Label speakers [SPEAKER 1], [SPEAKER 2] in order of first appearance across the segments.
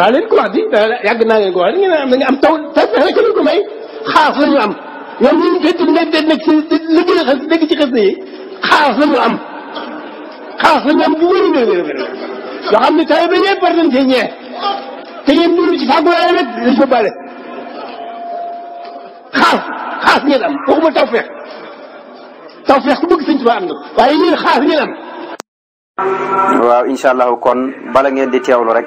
[SPEAKER 1] daa leen ko wax di daa yàgg naa leen ngeen am da nga am la ñu am ñoom ñun fekk nga ci xas yi xaas xaas la ñu am bu wér a ne tawee ko bale ngeen di teewlu rek.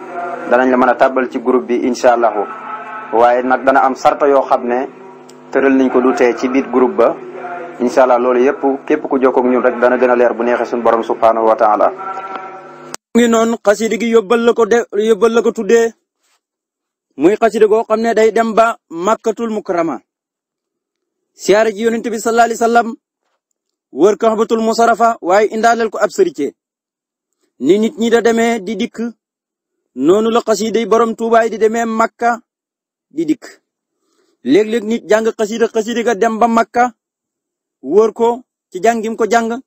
[SPEAKER 1] danañ la mën a tàbbal ci group bi incha allahu waaye nag dana am sarta yoo xam ne tëral nañ ko du tee ci biir groupe ba incha allah loolu yëpp képp ku jokkoog ñun rek dana gën leer bu neexee suñu borom subhanahu wa taala mu ngi gi yóbbal la ko de ko tuddee muy xasida goo xam ne day dem ba makkatul mukarrama siyaare ji yonent bi sallallahu alayhi wasallam wër kaxbatul musarafa waaye indaaleel ko ab sërite ni nit ñi da demee di dikk noonu la xasiiday borom tuubaay di demee makka di dikk léeg-léeg nit jàng xasiida xasiida ga dem ba makka wóor ko ci jàngim ko jàng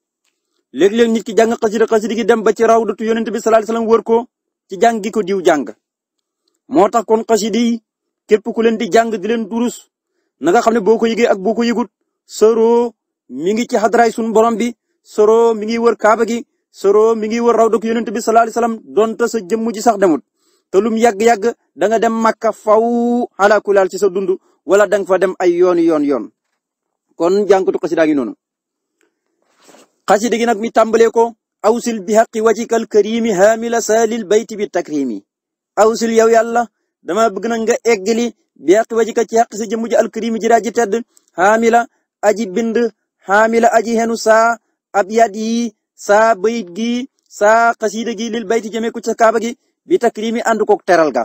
[SPEAKER 1] léeg-léeg nit ki jàng xasiida xasiida gi dem ba ci rawdatu yonent bi sallallahu alayhi wasallam ko ci jàng gi ko diw jàng moo tax kon xasiida yi képp ku leen di jàng di leen durus na nga xam ne boo ko yëgee ak boo ko yëgut soro mi ngi ci xadraay sunu borom bi soro mi ngi wër kaba gi soroo mi ngi wër raw dëkk yonent bi sallallahu alayhi wasallam sa jëmm ji sax demut te lum yàgg-yàgg da dem màkka faw ala kulal ci sa dund wala da nga fa dem ay yoon yoon yoon kon jànkatu xasida gi noonu xasida gi nag mi tàmbalee ko awsil bi haqqi wajikal karimi hamila salil bayti bi takrimi sil yow yàlla dama bëgg na nga eggali bi haqqi wajika ci haqqi sa jëmm ji alkarimi ji daaji tedd hamila aji bind hamila aji henu saa ab yi saa bayit gi sa saa xasida gi lil bayti jëmee ku ca kaaba gi bi takrimi ànd koog teral ga.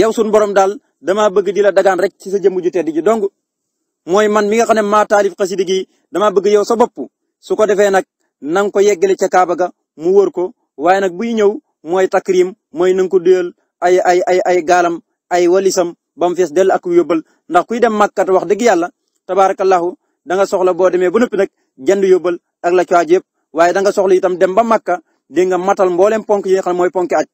[SPEAKER 1] yow sunu borom daal dama bëgg di la dagaan rek ci sa jëmm ju tedd ji dong mooy man mi nga xam ne maa taalif xasida gi dama bëgg yow sa bopp su ko defee nag na nga ko yeggale ca kaaba ga mu wër ko waaye nag buy ñëw mooy takrim mooy na nga ko duyal ay ay ay ay gaalam ay walisam bam mu fees dell ak yóbbal ndax kuy dem màkkat wax dëgg yàlla tabaarakallahu da nga soxla boo demee ba noppi nag jënd yóbbal ak la caaj yëpp waaye da soxla itam dem ba Makka di matal mboolem ponk yi nga xam mooy ponk aj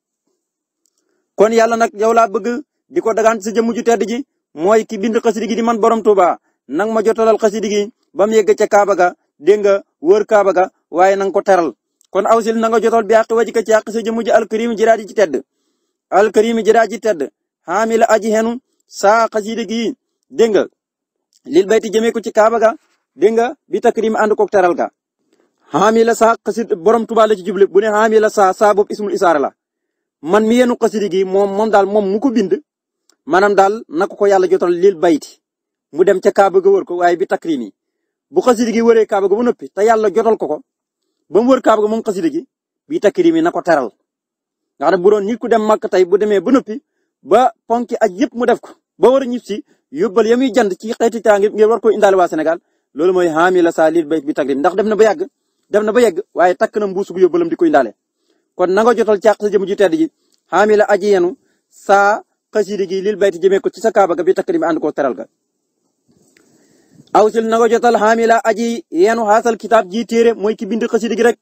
[SPEAKER 1] kon yàlla nag yow laa bëgg di ko dagaan sa jëmm ju tedd ji mooy ki bind xasidi gi di man borom Touba nag ma jotalal xasidi gi ba mu yegg ca Kaaba ga wër Kaaba ga waaye na nga ko teral kon awsil na nga jotal bi àq wajika ci àq sa jëmm ji alkarim jiraat ji ci tedd alkarim jiraat ji tedd xaamila aji xenu saa xasidi gi dégg nga lil bayti jëmee ko ci Kaaba dégg nga bi takrim ànd koog teral ga. xaamila saa xasid borom Tuubaa la ci jublu bu ne xaamila saa saa boobu ismul isaara la man mi yenu xasidi gi moom moom daal moom mu ko bind maanaam daal naka ko yàlla jotal lil bayti mu dem ca Kaaba ga wër ko waaye bi takrim yi bu xasidi gi wëree Kaaba ga ba noppi te yàlla jotal ko ko ba mu wër Kaaba ga moom xasidi gi bi takrim mi na ko teral nga xam ne bu doon nit ku dem mak tey bu demee ba noppi ba ponki aj yëpp mu def ko ba war a ñib si yóbbal ya muy jënd ci xeeti taa ngir war koo indaale waa Sénégal loolu mooy hamila saa lil bayt bi takrim ndax dem na ba yàgg dem na ba yegg waaye takk na mbuus gu yóbbalam di koy ndaale kon na nga jotal càq sa jëm ju tedd ji hamila aji yenu saa xasida gi lil bayt ko ci sa kaaba ga bi takrim ànd koo teral ga aw sil na jotal hamila aji yenu xaasal kitaab ji téere mooy ki bind xasida gi rek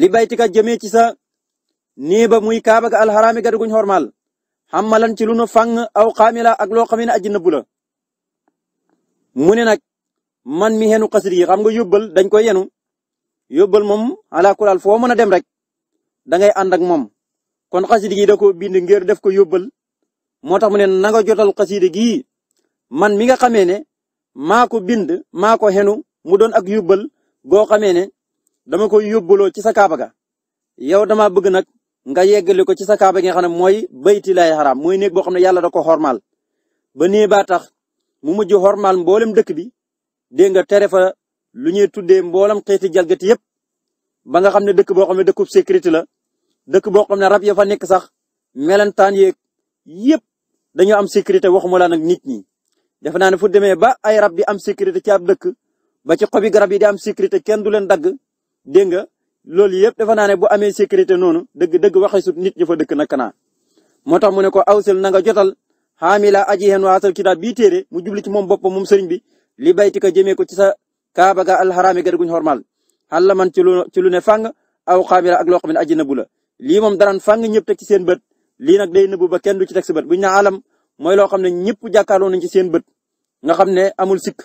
[SPEAKER 1] li baytika jëmee ci sa nii ba muy kaaba ga alxaraami ga duguñ xormaal xamalan ci lu nu fang aw xaamila ak loo xam ne aji nëbbu mu ne nag man mi xenu xasida yi xam nga yóbbal dañ koy yenu yóbbal moom ala kulal foo mën a dem rek da ngay ànd ak moom kon xasida gi da ko bind ngir def ko yóbbal moo tax mu ne nanga nga jotal xasida man mi nga xamee ne maa ko bind maa ko xenu mu doon ak yóbbal goo xamee ne dama koy yóbbaloo ci sa kaaba ga yow dama bëgg nag nga yeggali ko ci sa kaaba gi nga xam ne mooy bayti lay xaraam mooy néeg boo xam ne yàlla da ko xormaal ba nii ba tax mu mujj xormaal mboolem dëkk bi dégg nga tere lu ñuy tuddee mboolam xeeti jalgati yëpp ba nga xam ne dëkk boo xam ne dëkkub sécurité la dëkk boo xam ne rab ya fa nekk sax melentaan yeeg yëpp dañoo am sécurité waxuma la nag nit ñi. defe naa ne fu demee ba ay rab di am sécurité ci ab dëkk ba ci xobi garab yi di am sécurité kenn du leen dagg dégg nga loolu yëpp defe naa ne bu amee sécurité noonu dëgg dëgg waxee sut nit ñi fa dëkk naka naa. moo tax mu ne ko awsel na nga jotal xaamila aji hen waasal kitaab bi téere mu jubli ci moom boppam moom sëriñ bi li baytika jëmee ko ci sa kaaba ga alxaraami gër guñ xormal xalla man ci lu ci lu ne fang aw xaabira ak loo xam ne aji nëbbu la lii moom daraan fang ñëpp teg ci seen bët lii nag day nëbbu ba kenn du ci teg sa bët bu ñu ne alam xam ne ñëpp jàkkaarloo nañ ci seen bët nga xam ne amul sikk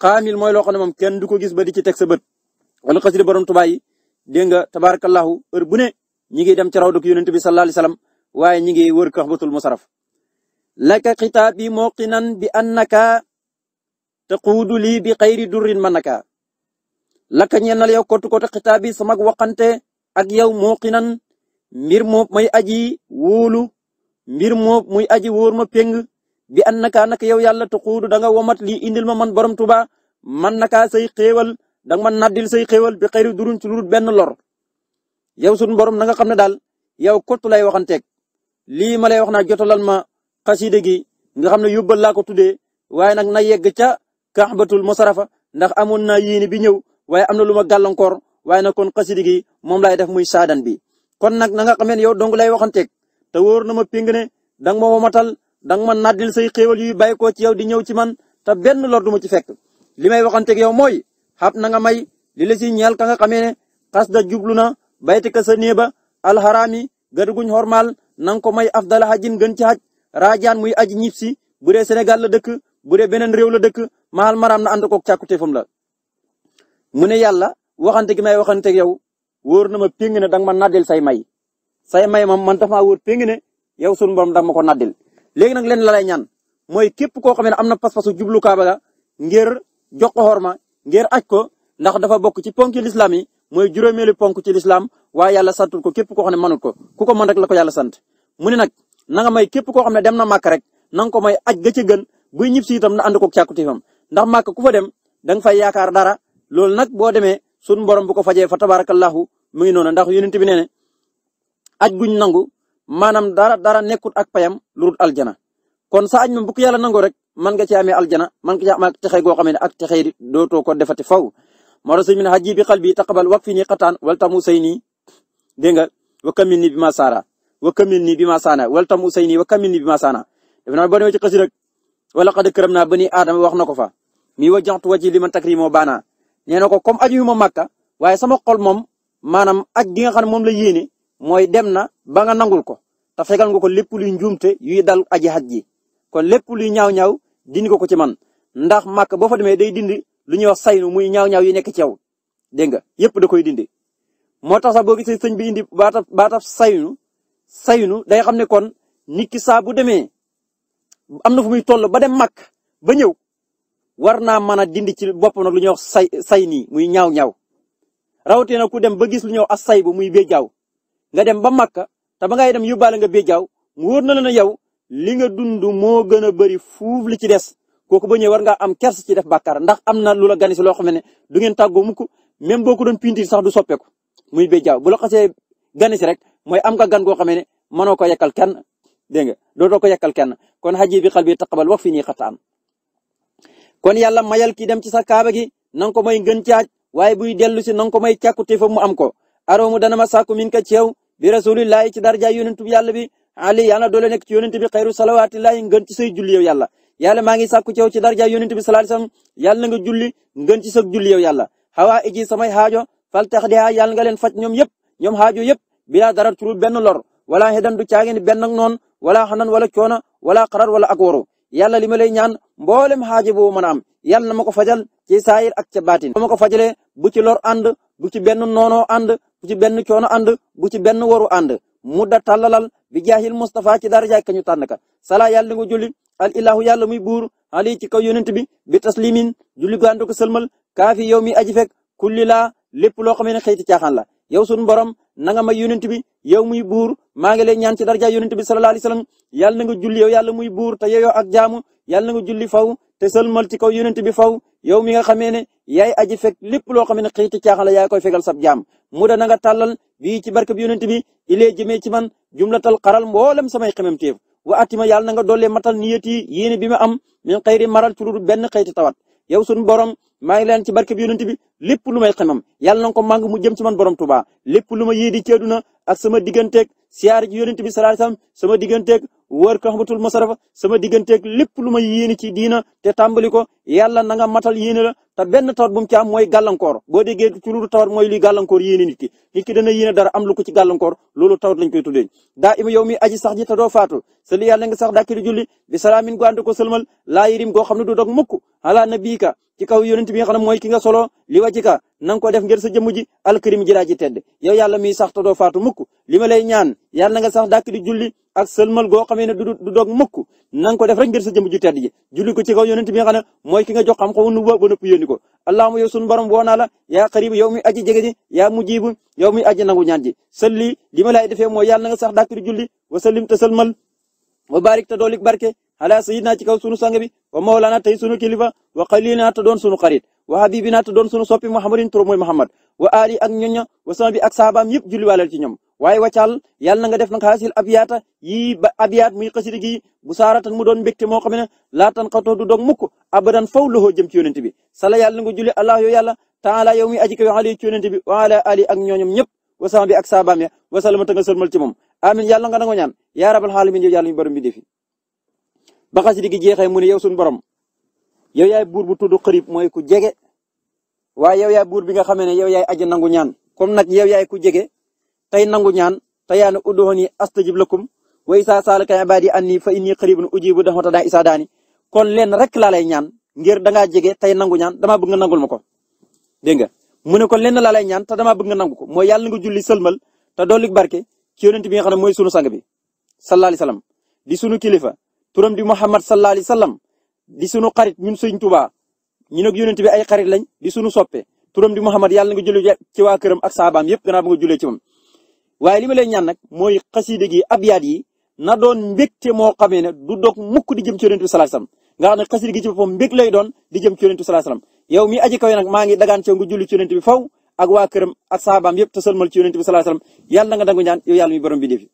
[SPEAKER 1] xaamil mooy loo xam ne moom kenn du ko gis ba di ci teg sa bët wala xasida borom Tuubaa yi dégg nga tabaarakallahu heure bu ne ñi ngi dem ci rawdu yonent bi sallallahu alayhi wasallam waaye ñi ngi wër Kaxbatul Musharraf laka xitaabi te xuudu lii bi xayri durrin ma naka laka ñeenal yow kottu kottu xitaab bi sama waxante ak yow muuqinan mbir moom may aji wóolu mbir moom muy aji wóor ma péng bi an nak naka yow yàlla te xuudu danga nga womat lii indil ma man borom tuba man naka say xéewal da nga ma naddil say xéewal bi xayri durun ci lu benn lor yow sun borom na nga xam ne daal yow kottu lay waxanteeg lii ma lay wax naa jotalal ma xaside gi nga xam ne yóbbal laa ko tuddee waaye nag na yegg ca. kaabatul musarafa ndax amoon naa yéene bi ñëw waaye am na lu ma gàllankoor waaye nag kon xasida gi moom laay def muy saadan bi kon nag na nga xamee ne yow dong lay waxanteeg te wóor na ma péng ne danga ma womatal danga ma nàddil say xéewal yuy bàyyi ko ci yow di ñëw ci man te benn lor ma ci fekk li may waxanteeg yow mooy xab na nga may li la si ñeel ka nga xamee ne jublu na bayti ka sa néeba alxaraami gëdd guñ xormaal na nga ko may afdala xajin gën ci xaj raajaan muy aji ñib bu dee beneen réew la dëkk maal am na ànd koog càkkutéefam la mu ne yàlla waxante gi may waxante yow wóor na ma péng ne danga ma naddil say may say may moom man dafa maa wóor péng ne yow sunu borom danga ma ko naddil léegi nag leen la lay ñaan mooy képp koo xam ne am na pas-pasu jublu kaaba ga ngir jox ko xorma ngir aj ko ndax dafa bokk ci ponk ci lislaam yi mooy juróomeelu ponk ci lislaam waaye yàlla santul ko képp koo xam ne mënul ko ku ko mën rek la ko yàlla sant mu ne nag na nga may képp koo xam ne dem na màkk rek na ko may aj ga gën bu ñib si itam na ànd ko càkkutéefam ndax màkk ku fa dem da nga fay yaakaar dara loolu nag boo demee sunu borom bu ko fajee fa tabarakallahu mu ngi noonu ndax yonent bi nee na aj guñ nangu maanaam dara dara nekkut ak payam lu dul aljana kon sa aj moom bu ko yàlla nangoo rek man nga ci amee aljana man nga ci am ak texe goo xam ne ak texe yi dootoo ko defati faw moo tax sëñ bi ne xaj bi xal bi taqabal wak fi ni xataan wal tamu say nii dégg nga wa kamil ni bi ma saara wa kamil ni bi ma saana wal tamu say nii wa kamil ni ma saana def naa wala qad këram naa bani aadama wax na ko fa mi wa jaxtu waji li ma takrimo baana nee na ko comme aju yu ma màkka waaye sama xol moom maanam aj gi nga xam ne moom la yéene mooy dem na ba nga nangul ko te fegal nga ko lépp luy njuumte yuy dal aji xaj ji kon lépp luy ñaaw ñaw dindi ko ko ci man ndax màkk boo fa demee day dindi lu ñuy wax saynu muy ñaaw ñaw yi nekk ci yow dégg nga yëpp da koy dindi moo tax sax boo gisee sëñ bi indi baatab baatab saynu saynu day xam ne kon nit ki saa bu demee am na fu muy toll ba dem mag ba ñëw war naa mën a dindi ci bopp na lu ñuy wax say say nii muy ñaaw ñaaw rawatina ku dem ba gis lu ñëw wax say bu muy béjjaaw nga dem ba màkk te ba ngay dem yóbbaale nga béjjaaw mu wóor na la ne yow li nga dund moo gën a bëri fuuf li ci des kooku ba ñëw war nga am kers ci def bàkkaar ndax am na lu la gani loo xam ne du ngeen tàggoo mukk même boo ko doon pintir sax du soppeeku muy béjjaaw bu la xasee gani si rek mooy am nga gan goo xam ne mënoo ko yekkal kenn dégg nga dootoo ko yàkkal kenn kon xaji bi xal bi taqabal wax fi nii xataan kon yàlla mayal ki dem ci sa kaaba gi nang ko may gën caaj waaye buy dellu si nang ko may càkkute fa mu am ko aroomu dana ma sàkku min ka ci yow bi rasulillahi ci darja yonentu yàlla bi ali yàlla doole nekk ci yonent bi xayru salawaatillahi ngën ci say julli yow yàlla yàlla maa ngi sàkku ci yow ci darja yonent bi sallallahu alayhi wasallam yàlla nga julli ngën ci sa julli yow yàlla xawaa iji samay xaajo fal di yàlla nga faj ñoom yëpp ñoom xaajo yëpp bilaa dara turu benn lor wala xedan du caagin benn ak noonu wala xanan wala coono wala xarar wala ak woro yàlla li ma lay ñaan mboolem xaaja boobu mën a am yàlla na ko fajal ci saayir ak ca baatin. ma ko fajalee bu ci lor ànd bu ci benn noono ànd bu ci benn coono ànd bu ci benn waru ànd mudda tàllalal bi jaahil Mustapha ci daraja ka ñu tànn ka sala yàlla nga julli al ilahu yàlla muy buur ali ci kaw yonent bi bi taslimin julli gànd ko sëlmal kaafi yow mi aji fekk kulli laa lépp loo xam ne xëyti caaxaan la na nga may yonent bi yow muy buur maa ngi lay ñaan ci darja yonent bi sallallahu alayhi wasallam yàlla na nga julli yow yàlla muy buur te yeyoo ak jaamu yàlla na nga julli faw te sëlmal ci kaw yonent bi faw yow mi nga xamee ne yaay aji fekk lépp loo xam ne xëyti caaxaan la yaa koy fegal sab jaam mu da na nga tàllal bii ci barkab yonent bi ilee jëmee ci man jumlatal karal mboolem samay xememteef wa atima yàlla na nga dollee matal niyati yéene bi ma am min xëyri maral ci benn xëyti tawat yow maa ngi leen ci barke bi yonent bi lépp lu may xemam yàlla na ko màng mu jëm ci man borom Tuubaa lépp lu ma yéedi ci àdduna ak sama digganteeg siyaar ji yonent bi sallallahu alayhi sama digganteeg wër Kaxbatul Musharrafa sama digganteeg lépp lu ma yéene ci diina te tàmbali ko yàlla na nga matal yéene la te benn tawat bu mu ci am mooy gàllankoor boo déggee ci loolu tawat mooy liy gàllankoor yéene nit ki dana yéene dara am lu ko ci gàllankoor tawat lañ koy tuddee ima yow mi aji sax ji te doo faatu sali yàlla nga sax dàkki julli bi salaamin gu ànd ko sëlmal laa yirim goo xam ne du dog mukk ala nabiika ci kaw yonent bi nga xam ne ki nga solo li wàcc ka ko def ngir sa jëmm ji alkarim ji ji tedd yow yàlla miy sax te doo faatu mukk li ma ñaan yàlla nga sax dàkki ak sëlmal goo xamee ne du du doog mukk na nga ko def rek ngir sa jëmm ji julli ko ci kaw yonent bi nga xam ne mooy ki nga jox xam ba ba nëpp yónni ko allahumma sunu borom woo naa la yaa xarib yow mi aji nangu ñaan ji salli li defee mooy yàlla na sax dàkkiri julli wa sallim te sëlmal wa barik te doolik barke ala sayidina ci kaw sunu sang bi wa mawlana tey sunu kilifa wa xalilina te doon sunu xarit wa habibina te doon sunu soppi muhammadin turu mooy muhammad waaye wàccal yàlla na nga def nag xaasil abiyaata yii ba abiyaat muy xasida gi bu saaratan mu doon mbégte moo xam ne laataan xatoo du dog mukk abadan faw loxoo jëm ci yonent bi sala yàlla na nga julli allah yow yàlla taala yow mi aji ko ali ci yonent bi wa ala ali ak ñooñam ñëpp wasan bi ak saabaam ya wasalama ta nga sërmal ci moom amin yàlla nga nangoo ñaan yaa rabal xaalamin yow yàlla ñu borom bi defi ba xasida gi jeexee mu ne yow suñu borom yow yaay buur bu tudd xarib mooy ku jege waaye yow yaay buur bi nga xamee ne yow yaay aji nangu ñaan comme nag yow yaay ku jege tey nangu ñaan te yaa ne udduhuni astajib lakum wa isa saalaka ibadi anni fa inni qaribun ujibu da'wata da'i isa daani kon leen rek laa lay ñaan ngir dangaa jege tey nangu ñaan damaa bëgg nga nangul ma ko dégg nga mu ne kon lenn laa ñaan te dama bëgg nga nangu ko mooy yàlla nga julli sëlmal te dolli barke ci yonent bi nga xam ne mooy sunu sang bi sallallahu alayhi wasallam di sunu kilifa turam di Muhammad sallallahu alayhi wasallam di sunu xarit ñun sëñ Tuubaa ñu nag yonent bi ay xarit lañ di sunu soppe turam di Muhammad yàlla nga julli ci waa këram ak saabaam yépp gannaaw ba nga ci moom waaye li ma leen ñaan nag mooy xasida gi abyaat yi na doon mbégte moo xamee ne du dog mukk di jëm ci yonent bi sallallahu alayhi wasallam nga xam ne xasida lay doon di jëm ci yonent bi sallallahu alayhi wasallam yow mi aji kawe nag maa ngi dagaan ci nga julli ci yonent bi faw ak waa këram a saabaam yëpp te sëlmal ci yonent bi sallallahu alayhi wasallam yàlla nga dangu ñaan yow yàlla mi borom bi defi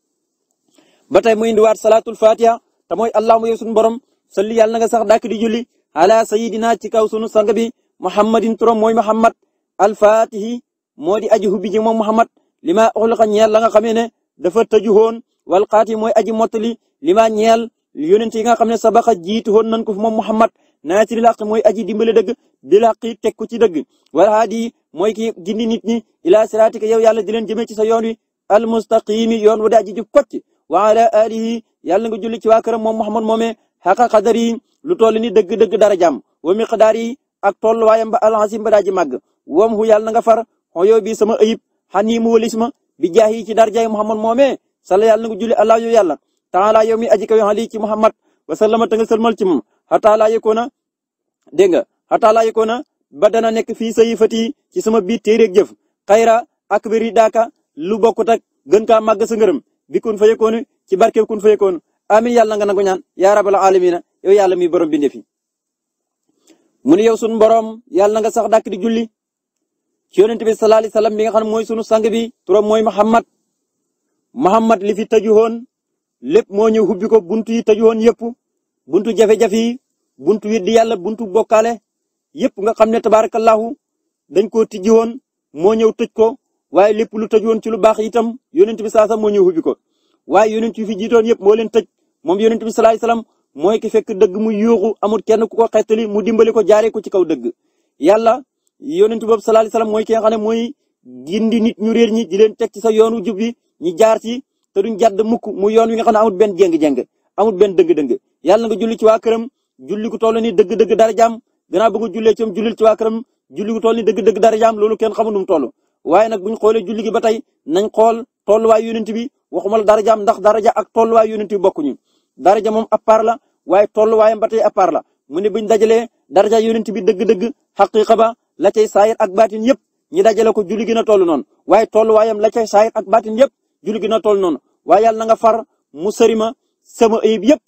[SPEAKER 1] ba tey mu indiwaat salaatul fatiha te mooy allahumma yow suñu borom salli yàlla nga sax dàkk di julli ala sayidina ci kaw sunu sang bi muhammadin turam mooy muhammad al fatihi moo di aji hubbi ji moom muhammad li ma ñeel la nga xamee ne dafa tëju woon wal qaati mooy aji mottali li ma ñeel yonent yi nga xam ne sabaxa jiitu woon nañ ko fi moom Muhammad naasiril haq mooy aji dimbale dëgg bil haq teg ko ci dëgg wal haadi mooy ki gindi nit ñi ila siraatika yow yàlla di leen jëmee ci sa yoon wi al mustaqimi yoon wu daa ji jub kocc wa ala alihi yàlla nga julli ci waa këram moom Muhammad moome xaqa xadar yi lu toll ni dëgg-dëgg dara jàmm wa miqdaar yi ak tolluwaayam ba alxasim ba daa ji màgg wam hu yàlla nga far xoyoo bi sama xan yi mu walis ma bi jaax yi ci darjaay Muhammad moomee sala yàlla na nga julli allah yow yàlla taala yow mi aji kawe xali ci Muhammad wa sallama ta nga ci moom xataa laa yëkkoon a dégg nga xataa laa ba dana nekk fii sayi fati ci sama biir téeréeg jëf ak akbari daaka lu bokkut ak gën ka màgg sa ngërëm bi kun fa yëkkoon ci barke kun fa yëkkoon amin yàlla nga nangu ñaan yaa rabbal alamina yow yàlla mi borom bindee fi mu ne yow borom yàlla nga sax dàkk di julli ci yonent bi sallallahu alayhi wasallam bi nga xam ne mooy sunu sang bi turam mooy Muhammad Muhammad li fi tëju woon lépp moo ñëw ubbi ko buntu yi tëju woon yëpp buntu jafe-jafe yi buntu weddi yàlla buntu bokkaale yëpp nga xam ne tabarakallahu dañ koo tijji woon moo ñëw tëj ko waaye lépp lu tëj woon ci lu baax itam yonent bi saa sax moo ñëw ubbi ko waaye yonent yi fi jiitoon yëpp moo leen tëj moom yonent bi sallallahu alayhi wasallam mooy ki fekk dëgg mu yuuxu amul kenn ku ko xettali mu dimbali ko jaaree ko ci kaw dëgg yàlla yonentu boobu sallallahu alayhi wasallam mooy ki nga xam ne mooy gindi nit ñu réer ñi di leen teg ci sa yoonu jub bi ñu jaar ci te duñ jàdd mukk mu yoon wi nga xam ne amul benn jéng-jéng amul benn dëng-dëng yàlla nga julli ci waa këram julli ku toll ni dëgg-dëgg dara jaam gannaaw ba nga jullee ci am jullil ci waa këram julli ku toll ni dëgg-dëgg dara jaam loolu kenn xamul nu mu toll waaye nag buñ xoolee julli gi ba tey nañ xool tolluwaay yonent bi waxuma la darajaam ndax daraja ak tolluwaay yonent bi bokkuñu daraja la waaye tolluwaayam ba tey à part la mu ne buñ dajalee daraja yonent a dëgg-dëgg xaqiqa ba la cay ak baatin yëpp ñi dajale ko julli gi na toll noonu waaye tolluwaayam la cay saayir ak baatin yëpp julli gi na toll noonu waaye yàlla na nga far mu sëri ma sama ayib yëpp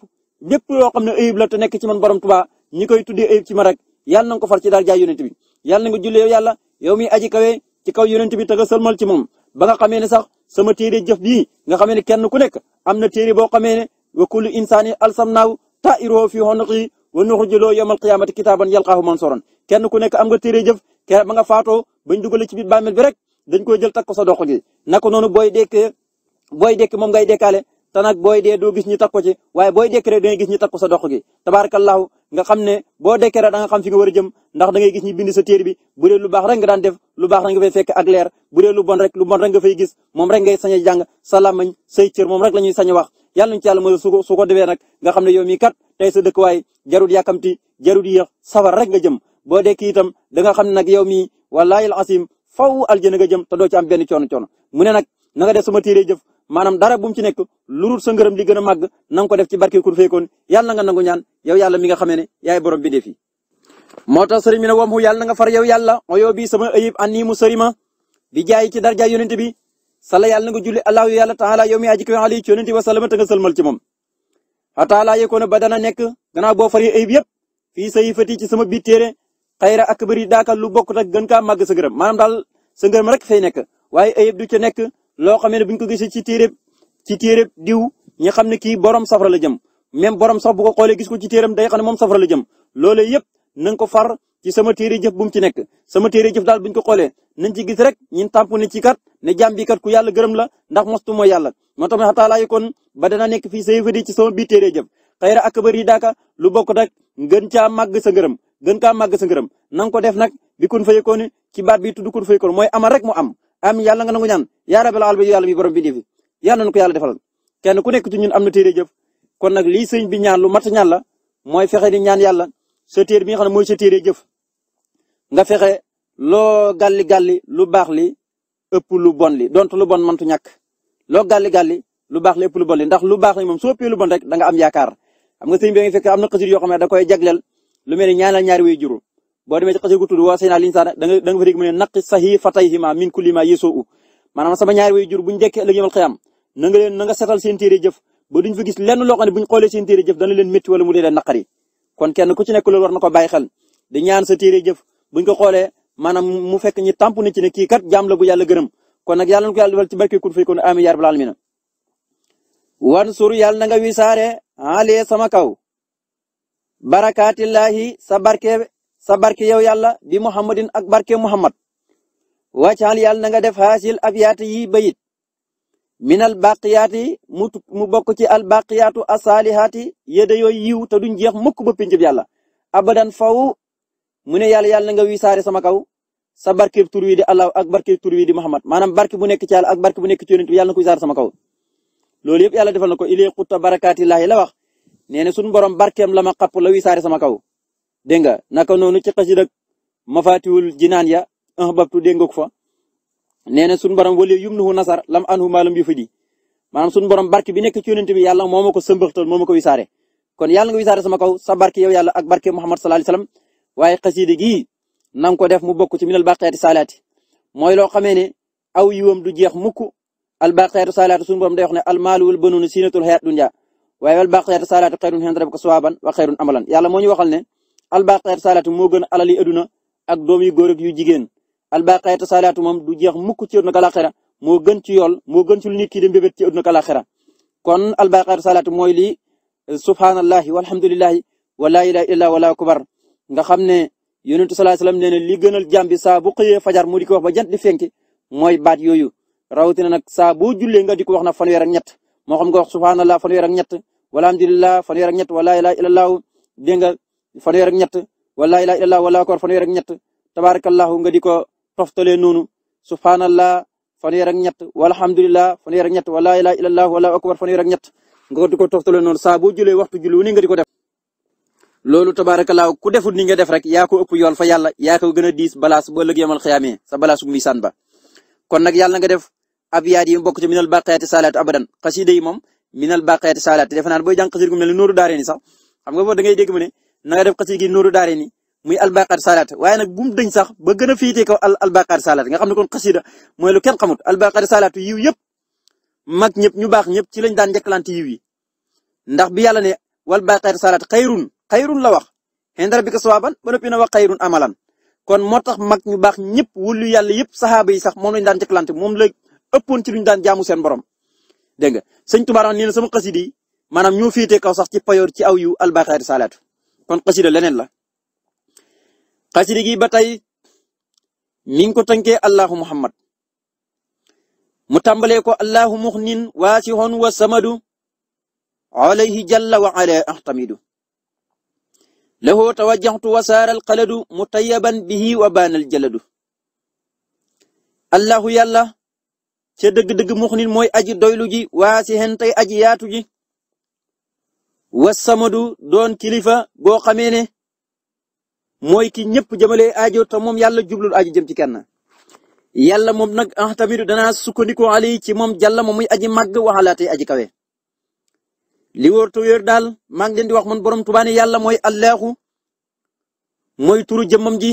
[SPEAKER 1] lépp loo xam ne ayib la te nekk ci man borom Tuubaa ñi koy tuddee ayib ci ma rek yàlla na nga ko far ci daal jaay yonent bi yàlla na nga julli yow yàlla yow mi aji kawe ci kaw yonent bi te nga sëlmal ci moom ba nga xamee ne sax sama téere jëf bii nga xamee ne kenn ku nekk am na téere boo xamee ne wa kullu insaani alsamnaaw ta'iruhu fi wa nuxrijuloo yawmal qiyaamati kitaaban yalqaahu mansuuran kenn ku nekk am nga téere jëf kere ba nga faatoo bañ dugalee ci ba bàmmeel rek dañ ko jël takk ko sa dox gi naka noonu booy dekk booy dekk moom ngay dekkaale te nag booy dee doo gis ñu takk ko ci waaye booy décret da ñu takk sa dox gi tabarakallahu nga xam ne boo décret da nga xam fi nga war a jëm ndax danga ngay gis ñu bind sa téere bi bu dee lu baax rek nga daan def lu baax rek nga fay fekk ak leer bu dee lu bon rek lu bon rek nga fay gis moom rek ngay sañ a jàng sa làmmiñ say cër moom rek la ñuy sañ wax yàlla ñu ci yàlla mooy su ko su ko defee nga xam ne yow mii kat tey sa dëkkuwaay jarul yàkkamti jarul yéex safar rek nga jëm boo dekki itam danga xam ne nag yow mii wallaahi al asim faw aljana nga jëm te doo ci am benn coono coono mu ne nag na nga def sama téere jëf maanaam dara bu mu ci nekk lu dul sa ngërëm li nga ko def ci barke ku fekkoon yàlla nga nangu ñaan yow yàlla mi nga xamee ne yaay borom bi moo tax sëriñ bi ne wam hu yàlla na nga far yow yàlla oyoo bi sama ayib annii mu sërima bi jaay ci darja yonent bi sala yàlla na nga julli allahu yàlla taala yow mi aji kawe ali ci yonent wa salama te nga ci moom ataala yekoona ba dana nekk gannaaw boo faree ayib yëpp fii sa ci sama biir téere xayra ak bëri daaka lu bokkut ak gën kaa màgg sa ngërëm maanaam daal sa ngërëm nekk waaye ayib loo xamee ne bi ñu ko gisee ci téereb ci téereb diw ñi xam ne kii borom safara la jëm même borom sax bu ko xoolee gis ko ci téeram day xam ne moom safara la jëm loolee yëpp nañ ko far ci sama téere jëf bu mu ci nekk sama téere jëf daal bu ñu ko xoolee nañ ci gis rek ñun tàmp ne ci kat ne jàmm kat ku yàlla gërëm la ndax mostu mooy yàlla moo tax ma xataa yi kon ba danaa nekk fii say fëdi ci sama biir téere jëf xayra akbar yi daaka lu bokk nag gën caa màgg sa gërëm gën kaa màgg sa ngërëm na ko def nag bi kun fayekoon ci baat bi tudd kun fayekoon mooy amal rek mu am am yàlla nga nangu ñaan yaa rabbil alamin yàlla bi borom bi def yàlla nañu ko yàlla defal kenn ku nekk ñun am na téere jëf kon nag lii sëñ bi ñaan lu mat ñaan la mooy fexe di ñaan yàlla sa téere bi nga xam ne mooy sa téere jëf nga fexe loo gàlli lu baax li lu bon li donte lu bon mëntu ñàkk loo gàlli gàlli lu baax li lu bon li ndax lu baax li moom soo ëppee lu bon rek da nga am yaakaar xam nga sëñ be nga am na xasir yoo xam ne da koy jagleel lu mel ni ñaanal ñaari way juru boo demee ci xasee gu tudd wa say naa liñ saana da nga da nga fa dégg mu ne naqi sahi fatayhima min kulli ma yesoo maanaam sama ñaari way jur buñ jekkee ëllëg yawmal setal seen jëf ba duñ fa gis lenn loo xam jëf dana leen métti wala mu dee leen naqari kon kenn ku ci nekk loolu war na ko bàyyi xel di ñaan sa jëf buñ ko xoolee maanaam mu fekk ñi tàmp na ci ne kii kat jaam la bu gërëm kon nag yàlla na ko yàlla defal ci barke kun fayakun amiin yaa rabbal wan sur yàlla na nga wisaare sa barke sa barke yow yàlla bi muhammadin ak barke muhammad wàccaal yàlla na nga def xaasil ab yaata yi bayit minal baqiyaati mu mu bokk ci al baqiyaatu asaalihaati yéda yooyu yiw te duñ jeex mukk ba pincib yàlla abadan faw mu ne yàlla yàlla na nga wisaare sama kaw sa barkeeb tur wi di allah ak barkeeb tur wi muhammad maanaam barke bu nekk ci yàlla ak barke bu nekk ci yonent ko wisaare sama kaw loolu yëpp yàlla defal na ko ilee xutta barakaati laahi la wax nee na suñu borom barkeem la ma xapp la wisaare sama kaw dégg nga naka noonu ci xasida ak mafaatiwul jinaan ya un babtu dégg nga ko fa nee na sunu borom wala yumnuhu nasar lam anhu maalam yu fa di maanaam sunu borom barke bi nekk ci yonent bi yàlla moo ma ko sëmbaxtal moo ma ko wisaare kon yàlla nga wisaare sama kaw sa barke yow yàlla ak barke Muhammad sallallahu alayhi wasallam waaye xasida na nga ko def mu bokk ci minal baqiyaati saalaati mooy loo xamee ne aw yiwam du jeex mukk al baqiyaatu saalaatu sunu borom day wax ne al maalu wal banuuna ziinatul hayaati dunya moo ñu waxal ne albaqeet salaatu moo gën alal yi adduna ak doom yu góor ak yu jigéen albaqeet salaatu moom du jeex mukk ci adduna ak alaxira moo gën ci yool moo gën ci lu nit ki di mbébét ci adduna ak alaxira kon albaqeet salaatu mooy lii subhanallahi walhamdulillahi wala ilaha illa wala kubar nga xam ne yonentu sallallahu alayhi wasallam nee na li gënal jàmm bi saa bu xëyee fajar mu di ko wax ba jant di fenki mooy baat yooyu rawatina nag saa boo jullee nga di ko wax na fanweer ak ñett moo xam nga wax subhanallah fanweer ak ñett wala alhamdulillah fanweer ak fanweer ak ñett wala ilaha illallah wala koor fanweer ak ñett tabarakallahu nga di ko toftale noonu subhanallah fanweer ak ñett walhamdulillah fanweer ak ñett wala ilaha illallah wala akbar fanweer ak ñett nga di ko toftale noonu saa boo jëlee waxtu julli wu ne nga di ko def loolu tabarakallahu ku deful ni nga def rek yaa ko ëpp yool fa yàlla yaa ko gën a diis balaas ba ëllëg yamal xiyaamee sa balaasu misaan ba kon nag yàlla nga def abyaat yi bokk ci minal baqiyati salaatu abadan xasida yi moom minal baqiyati salaat defe naa booy jàng xasida gu mel ni nooru daaree ni sax xam nga boo da ngay dégg mu ne na nga def xasida gi nooru daare ni muy albaqaat saalaat waaye nag bu mu dëñ sax ba gën a féetee kaw al albaqaat nga xam ne kon xasida mooy lu kenn xamut albaqaat saalaatu yiw yëpp mag ñëpp ñu baax ñëpp ci lañ daan njëkkalante yiw yi ndax bi yàlla ne wal baqaat saalaat xayrun xayrun la wax xendara bi ko sawaaban ba noppi na wax xayrun amalan kon moo tax mag ñu baax ñëpp lu yàlla yëpp saxaaba yi sax moom lañ daan njëkkalante moom la ëppoon ci luñ daan jaamu seen borom dégg nga sëñ Tuubaa nee na sama xasida yi maanaam ñoo féetee kaw sax ci payoor ci aw yu albaqaat saalaatu kon xasida leneen la xasida gi ba tey mi ngi ko tënkee allahu muhammad mu tàmbalee ko allahu muxnin waasixon wa samadu alayhi jalla wa ala ahtamidu lahu tawajjaxtu wa saara alqaladu mutayaban bihi wa baanal jaladu allahu yàlla ca dëgg-dëgg muxnin mooy aji doylu ji waasixen tey aji yaatu wasamadu don kilifa boo xamee ne mooy ki ñëpp jëmale aajo te moom yàlla jublul aajo jëm ci kenn. yàlla moom nag ah tamit danaa sukkandiku ci moom jalla moom muy aji màgg waxalaatee aji kawe. li wóor te wóor daal maa ngi leen di wax man borom Tuubaa ne yàlla mooy Allaahu mooy turu jëmmam ji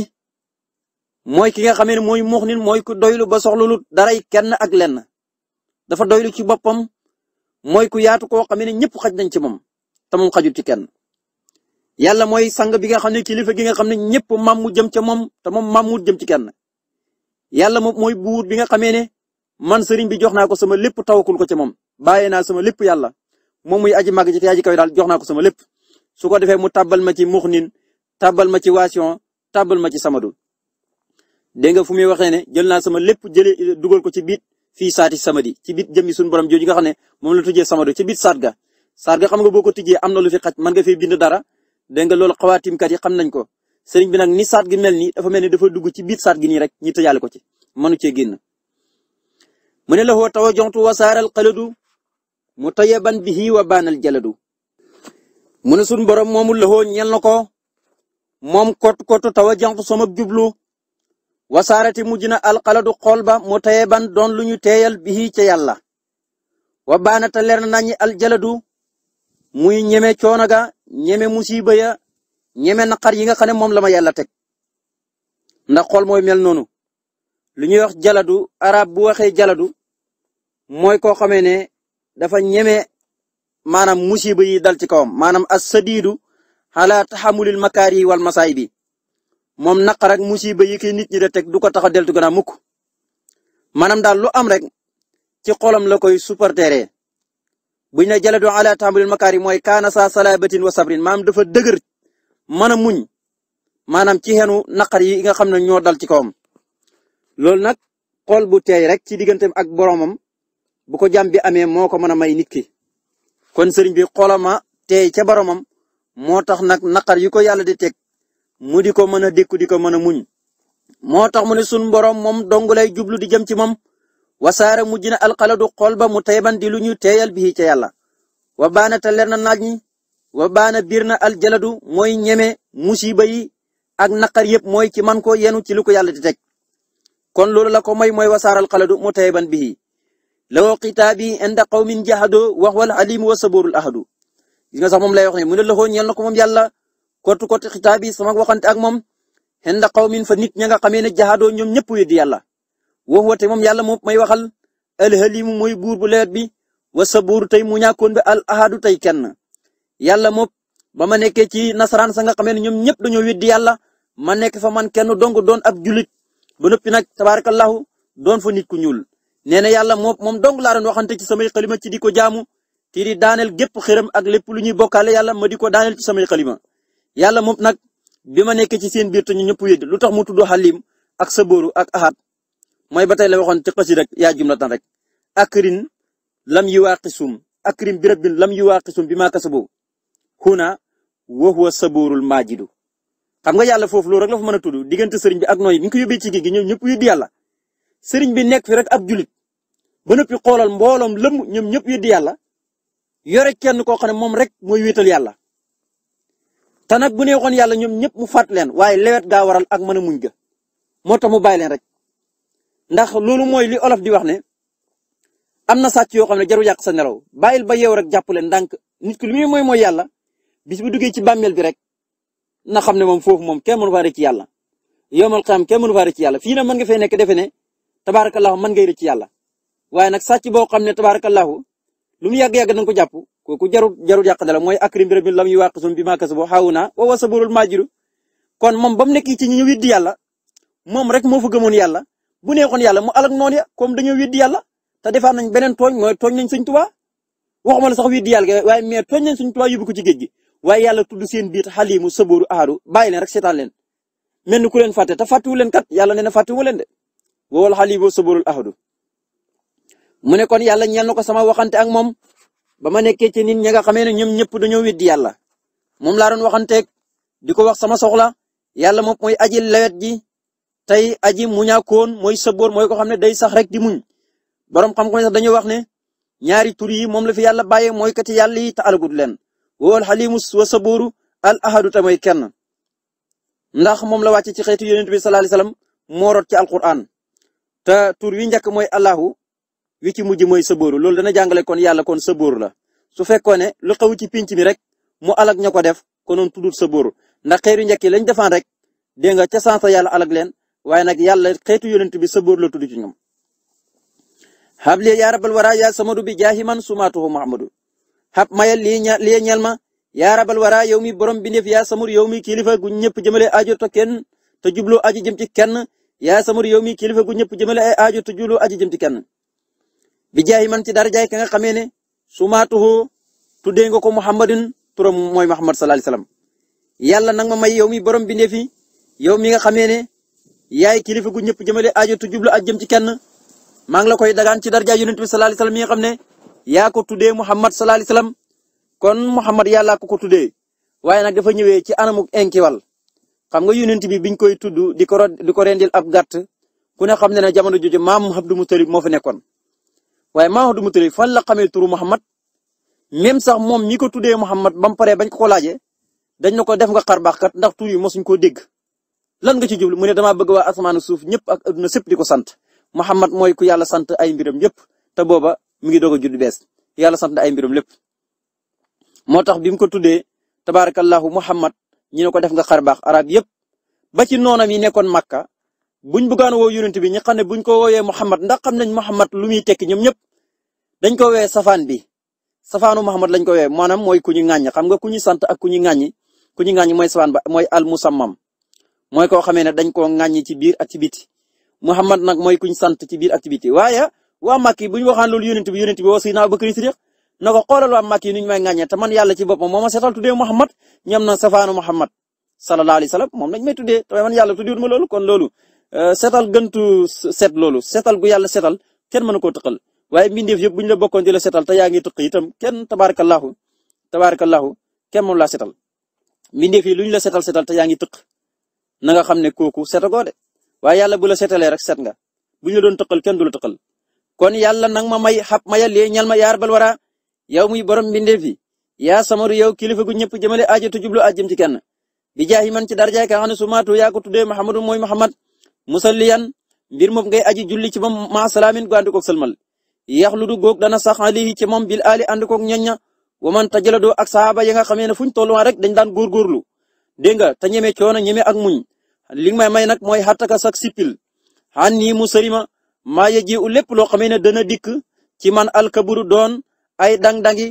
[SPEAKER 1] mooy ki nga xamee ne mooy muxnin mooy ku doylu ba soxlalu daray kenn ak lenn dafa doylu ci boppam mooy ku yaatu koo xamee ne ñëpp xaj nañ ci moom. te moom xajul ci kenn yàlla mooy sang bi nga xam ne kilifa gi nga xam ne ñëpp mu jëm ca moom te moom màmmu jëm ci kenn yàlla moom mooy buur bi nga xamee ne man sëriñ bi jox naa ko sama lépp tawakul ko ca moom bàyyee naa sama lépp yàlla moom muy aji màgg ji te aji kaw daal jox naa ko sama lépp su ko mu tàbbal ma ci muxnin tàbbal ma ci wasion tàbbal ma ci samadu dégg nga fu muy waxee ne jël naa sama lépp jëlee dugal ko ci biit fii saati samadi ci biit jëmmi suñu borom jooju nga xam ne moom la tujjee samadu ci biit saat saar nga xam nga boo ko tijjee am na lu fi xaj ga nga fee bind dara dégg nga loolu xawaatimkat yi xam nañ ko sëriñ bi nag ni saar gi mel dafa mel ni dafa dugg ci biir saar gi nii rek ñi tëjaale ko ci mënu cee génn mu ne la hoo tawa jontu wasaaral xaladu mu tayaban bihi wa baanal jaladu mu ne suñ borom moomu la hoo ñel na ko moom kot kotu tawa jontu sama jublu wasaarati mujj na alxaladu xool ba mu tayaban doon lu ñu teeyal bihi ca yàlla wa baanata leer na nañi aljaladu muy ñeme coono ga ñeme musiba ya ñeme naqar yi nga xam ne moom la ma yàlla teg ndax xol mooy mel noonu lu ñuy wax jaladu arab bu waxee jaladu mooy koo xamee ne dafa ñeme maanaam musiba yi dal ci kawam maanaam as sadiidu ala taxamulil makaari wal masaay bi moom naqar ak musiba yi ki nit ñi da teg du ko tax a deltu gën a mukk maanaam daal lu am rek ci xolam la koy supporteree buñ ne jaladu ala tambalil makaari mooy kaana saa salaabatin wa sabrin maanaam dafa dëgër mën a muñ maanaam ci xenu naqar yi nga xam ne ñoo dal ci kawam. loolu nag xol bu teey rek ci digganteem ak boromam bu ko jàmm bi amee moo ko mën a may nit ki kon sëriñ bi xolama teey ca boromam moo tax nag naqar yu ko yàlla di teg mu di ko mën a dékku di ko mën a muñ moo tax mu ne borom moom dong jublu di jëm ci moom. wasaare mujj na alxaladu xol ba mu tayban di lu ñu teeyal bii ca yàlla wa baana te leer na naaj ñi wa baana biir na aljaladu mooy ñeme musiba yi ak naqar yëpp mooy ci man ko yenu ci lu ko yàlla di teg kon loolu la ko may mooy wasaare alxaladu mu tayban bii law xitaabi inda qawmin jahado wax wal alimu wa saborul ahadu gis nga sax moom lay wax ne mu ne loxoo na ko mom yàlla kottu kottu xitaabi sama waxante ak moom inda qawmin fa nit ña nga xamee ne jahado ñoom ñëpp weddi yàlla wax wate moom yàlla moom may waxal alxalimu mooy buur bu leet bi wa sabuur tey mu ñàkkoon bi al ahadu tey kenn yàlla moom ba ma nekkee ci nasaraan sa nga xamee ne ñoom ñëpp dañoo weddi yàlla ma nekk fa man kenn dong doon ab julit ba noppi nag tabaarakallahu doon fa nit ku ñuul nee na yàlla moom moom dong laa doon waxante ci samay xalima ci di ko jaamu te di daaneel gépp xëram ak lépp lu ñuy bokkaale yàlla ma di ko daaneel ci samay xalima yàlla moom nag bi ma nekkee ci seen biir ñu ñëpp wedd lu tax mu tudd xalim ak ak ahad mooy ba tey la waxoon ci xasi rek yaa jumlatan rek akrin lam yuwaqisum akrim bi rabbin lam yuwaqisum bi ma kasabu huna wa huwa saburul majidu xam nga yàlla foofu loolu rek la fa mën a tudd diggante sëriñ bi ak nooy mi ngi ko yóbbee ci géej gi ñoom ñëpp yëddi sëriñ bi nekk fi rek ab julit ba noppi xoolal mbooloom lëmm ñoom ñëpp yëddi yàlla yore kenn koo xam ne moom rek mooy wéetal yàlla te nag bu neexoon yàlla ñoom ñëpp mu fàtt leen waaye lewet gaa waral ak mën a muñ ga moo tax mu bàyyi rek ndax loolu mooy li olof di wax ne am na sàcc yoo xam ne jaru yàq sa nelaw bàyyil ba yeew rek jàpp leen ndànk nit ku li muy mooy mooy yàlla bis bu duggee ci bàmmeel bi rek na xam ne moom foofu moom kenn mënu faa rëcc yàlla yowmal qiyaam kenn mënu faa rëcc yàlla fi nag mën nga fee nekk defe ne tabaarakallahu mën ngay rëcc yàlla waaye nag sàcc boo xam ne tabaarakallahu lu mu yàgg-yàgg na nga ko jàpp kooku jarut jarut yàq nelaw mooy akrim bi rabbil lam yuwaaqisun bi ma kasabu haawuna wa wasaburul maajiru kon moom ba mu nekk ci ñu widdi yàlla moom rek moo fa gëmoon yàlla bu neexoon yàlla mu alak noonu ya comme dañoo weddi yàlla te defaat nañ beneen tooñ mooy tooñ nañ sëñ Tuubaa waxuma la sax weddi yàlla waaye mais tooñ nañ sëñ Tuubaa yóbbu ko ci géej gi waaye yàlla tudd seen biir xalimu sabooru aaru bàyyi leen rek seetaan leen mel ni ku leen fàtte te fàttewu kat yàlla nee na fàttewu leen de wowal xalimu saboorul ahadu mu ne kon yàlla ñeel na ko sama waxante ak moom ba ma nekkee ci nit ñi nga xamee ne ñoom ñëpp dañoo weddi yàlla moom laa doon waxanteeg di ko wax sama soxla yàlla moom mooy aji lewet ji tey aji muñaakoon mooy sabóor mooy ko xam ne day sax rek di muñ borom xam-xam sax wax ne ñaari tur yi moom la fi yàlla bàyyee mooy kati yàlla yi te alagut leen wal xalimu wa sabóoru al ahadu te mooy kenn. ndax moom la wàcc ci xeetu yonent bi sallallahu alayhi wasallam moo rot ci alquran te tur wi njëkk mooy allahu wi ci mujj mooy sabóoru loolu dana jàngale kon yàlla kon sabóor la su fekkoon ne lu xaw ci pinc mi rek mu alak ña ko def konoon tuddut sabóoru ndax xeetu njëkk yi lañ defaan rek dégg nga ca sansa yàlla alak leen waaye nag yàlla xeetu yonent bi sabóor la tudd ci ñoom habli ya rabal wara ya samadu bi jaahi man sumaatuhu muhammadu hab mayal lii ñeel ma yaa rabal wara yow mi borom bi ndef yaa samur yow mi kilifa gu ñëpp jëmale aajo to kenn te jublu aji jëm ci kenn ya samur yow mi kilifa gu ñëpp jëmale ay aajo te jublu aji jëm ci kenn bi jaahi man ci darajaay ka nga xamee ne sumaatuhu tuddee nga ko muhammadin turam mooy muhammad sallallahu alayhi wasallam yàlla ma may yow mi borom bi ndef yaay kilifa gu ñëpp jëmale aajo tu jublu ak jëm ci kenn maa ngi la koy dagaan ci darja yonent bi sallallahu alayhi mi yi nga xam ne yaa ko tuddee Muhammad sallallahu alayhi wasallam kon Muhammad yàllaa ko ko tuddee waaye nag dafa ñëwee ci anamuk enkiwal xam nga yonent bi biñ koy tudd di ko di ko rendil ab gàtt ku ne xam ne ne jamono jooju maam Abdou Moutalib moo fa nekkoon waaye maam Abdou Moutalib fan la xamee turu Muhammad même sax moom ñi ko tuddee Muhammad ba mu paree bañ ko ko laajee dañ na ko def nga xar baax kat ndax tur yi mosuñ koo dégg lan nga ci jublu mu ne damaa bëgg waa asamaan suuf ñëpp ak adduna sëpp di ko sant Muhammad mooy ku yàlla sant ay mbiram yëpp te booba mi ngi doog a judd bees yàlla sant na ay mbiram lépp. moo tax bi mu ko tuddee tabaarakallahu Muhammad ñi ne ko def nga xar baax arab yëpp ba ci noonam yi nekkoon Makka buñ bëggoon woo yonent bi ñi xam ne buñ ko woowee Muhammad ndax xam nañ Muhammad lu muy tekki ñoom ñëpp dañ ko woowee safaan bi safaanu Muhammad lañ ko woowee maanaam mooy ku ñu ŋàññi xam nga ku ñu sant ak ku ñu ŋàññi ku ñu mooy safaan ba mooy al musammam mooy koo xamee ne dañ koo ŋàññi ci biir activité Muhammad nag mooy kuñ sant ci biir activité waaye waa Màkki bu ñu waxaan loolu yonent bi yonent bi woo Seydina Abubakar Sidiq na ko xoolal waa Màkki nu man yàlla ci boppam moo ma seetal tuddee Muhammad ñoom na safaanu Muhammad sallallahu alayhi wa sallam moom lañ may tuddee te man yàlla tuddiwut ma loolu kon loolu euh, setal gëntu set loolu seetal gu yàlla setal kenn mënu koo tëqal waaye mbindeef yëpp bu la bokkoon di la seetal te yaa ngi tëq itam kenn tabaarakallahu tabaarakallahu kenn moom laa seetal mbindeef yi lu ñu la seetal seetal te yaa ngi tëq na nga xam ne kooku setagoo de waaye yàlla bu la setalee rek set nga bu ñu la doon tëqal kenn du la tëqal kon yàlla nag ma may xab ma yàlla ñal ma yaar bal wara yow muy borom mbindeef yi yaa samaru yow kilifa gu ñëpp jëmale aajo te jublu aajam ci kenn bi jaahi man ci darjaay ka xam ne su maatu yaa ko tuddee Muhammadu mooy Muhammad musalliyan mbir moom ngay aji julli ci moom ma salaamin gu ànd koog sëlmal yaxludu góog dana sax alihi ci moom bil ali ànd koog ñoñña wa man tajaladoo ak saaba ya nga xamee ne fuñ tolluwaan rek dañ daan góorgóorlu dégg nga te ñeme coono ñeme ak muñ li may may nag mooy xattaka sak sippil xan mu sëri ma maa yëji u lépp loo xamee ne dana dikk ci man alkaburu doon ay dang-dangi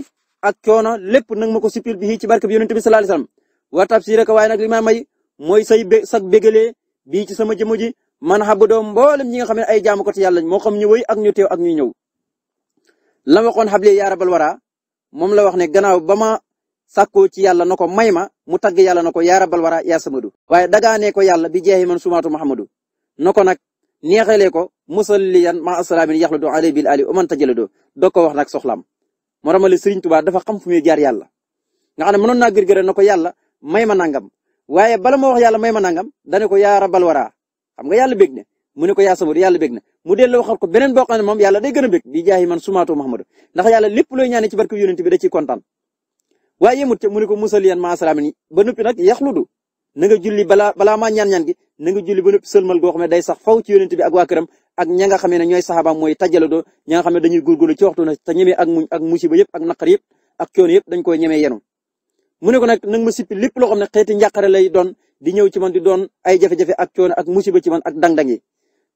[SPEAKER 1] ak coono lépp nag ma ko sippil bi ci barke bi yonent bi sallallahu alayhi wasallam wa tabsiraka waaye nag li may may mooy say be sak bégalee bii ci sama jëmm ji man xabu doom mboolem ñi nga xam ne ay jaamu ko ci yàlla moo xam ñu wëy ak ñu teew ak ñu ñëw la waxoon xable yaa wara moom la wax ne gannaaw sàkkoo ci yàlla na ko may ma mu tagg yàlla na ko yaa rabal wara yaa samadu waaye dagaanee ko yàlla bi jeexi man sumaatu mahamadu na ko nag neexalee ko musalliyan ma asalaamin yaxludu alay bil ali uman tajalado doo ko wax nag soxlaam moo ramale Sëriñ Tuubaa dafa xam fu muy jaar yàlla nga xam ne mënoon naa na ko yàlla may ma nangam waaye bala ma wax yàlla may ma nangam dane ko yaa rabal xam nga yàlla bég ne mu ko yaa samadu yàlla bég na mu dellu waxal ko beneen boo xam ne moom yàlla day gën a bég bi jaayi man sumaatu mahamadu ndax yàlla lépp waaye yemut mu ne ko musal yan maasalaam ni ba noppi nag yaxludu na nga julli balaa balaa maa ñaan-ñaan gi na nga julli ba noppi sëlmal goo xam ne day sax faw ci yonent bi ak waa ak ña nga xamee ne ñooy saxaabaam mooy tajjaladoo ña nga xam ne dañuy góorgóorlu ci waxtu na te ñemee ak muñ ak musiba yëpp ak naqar yëpp ak coono yëpp dañ koy ñemee yenu mu ne ko nag nag ma sippi lépp loo xam ne xeeti njàqare lay doon di ñëw ci man di doon ay jafe-jafe ak coono ak musiba ci man ak dang-dang yi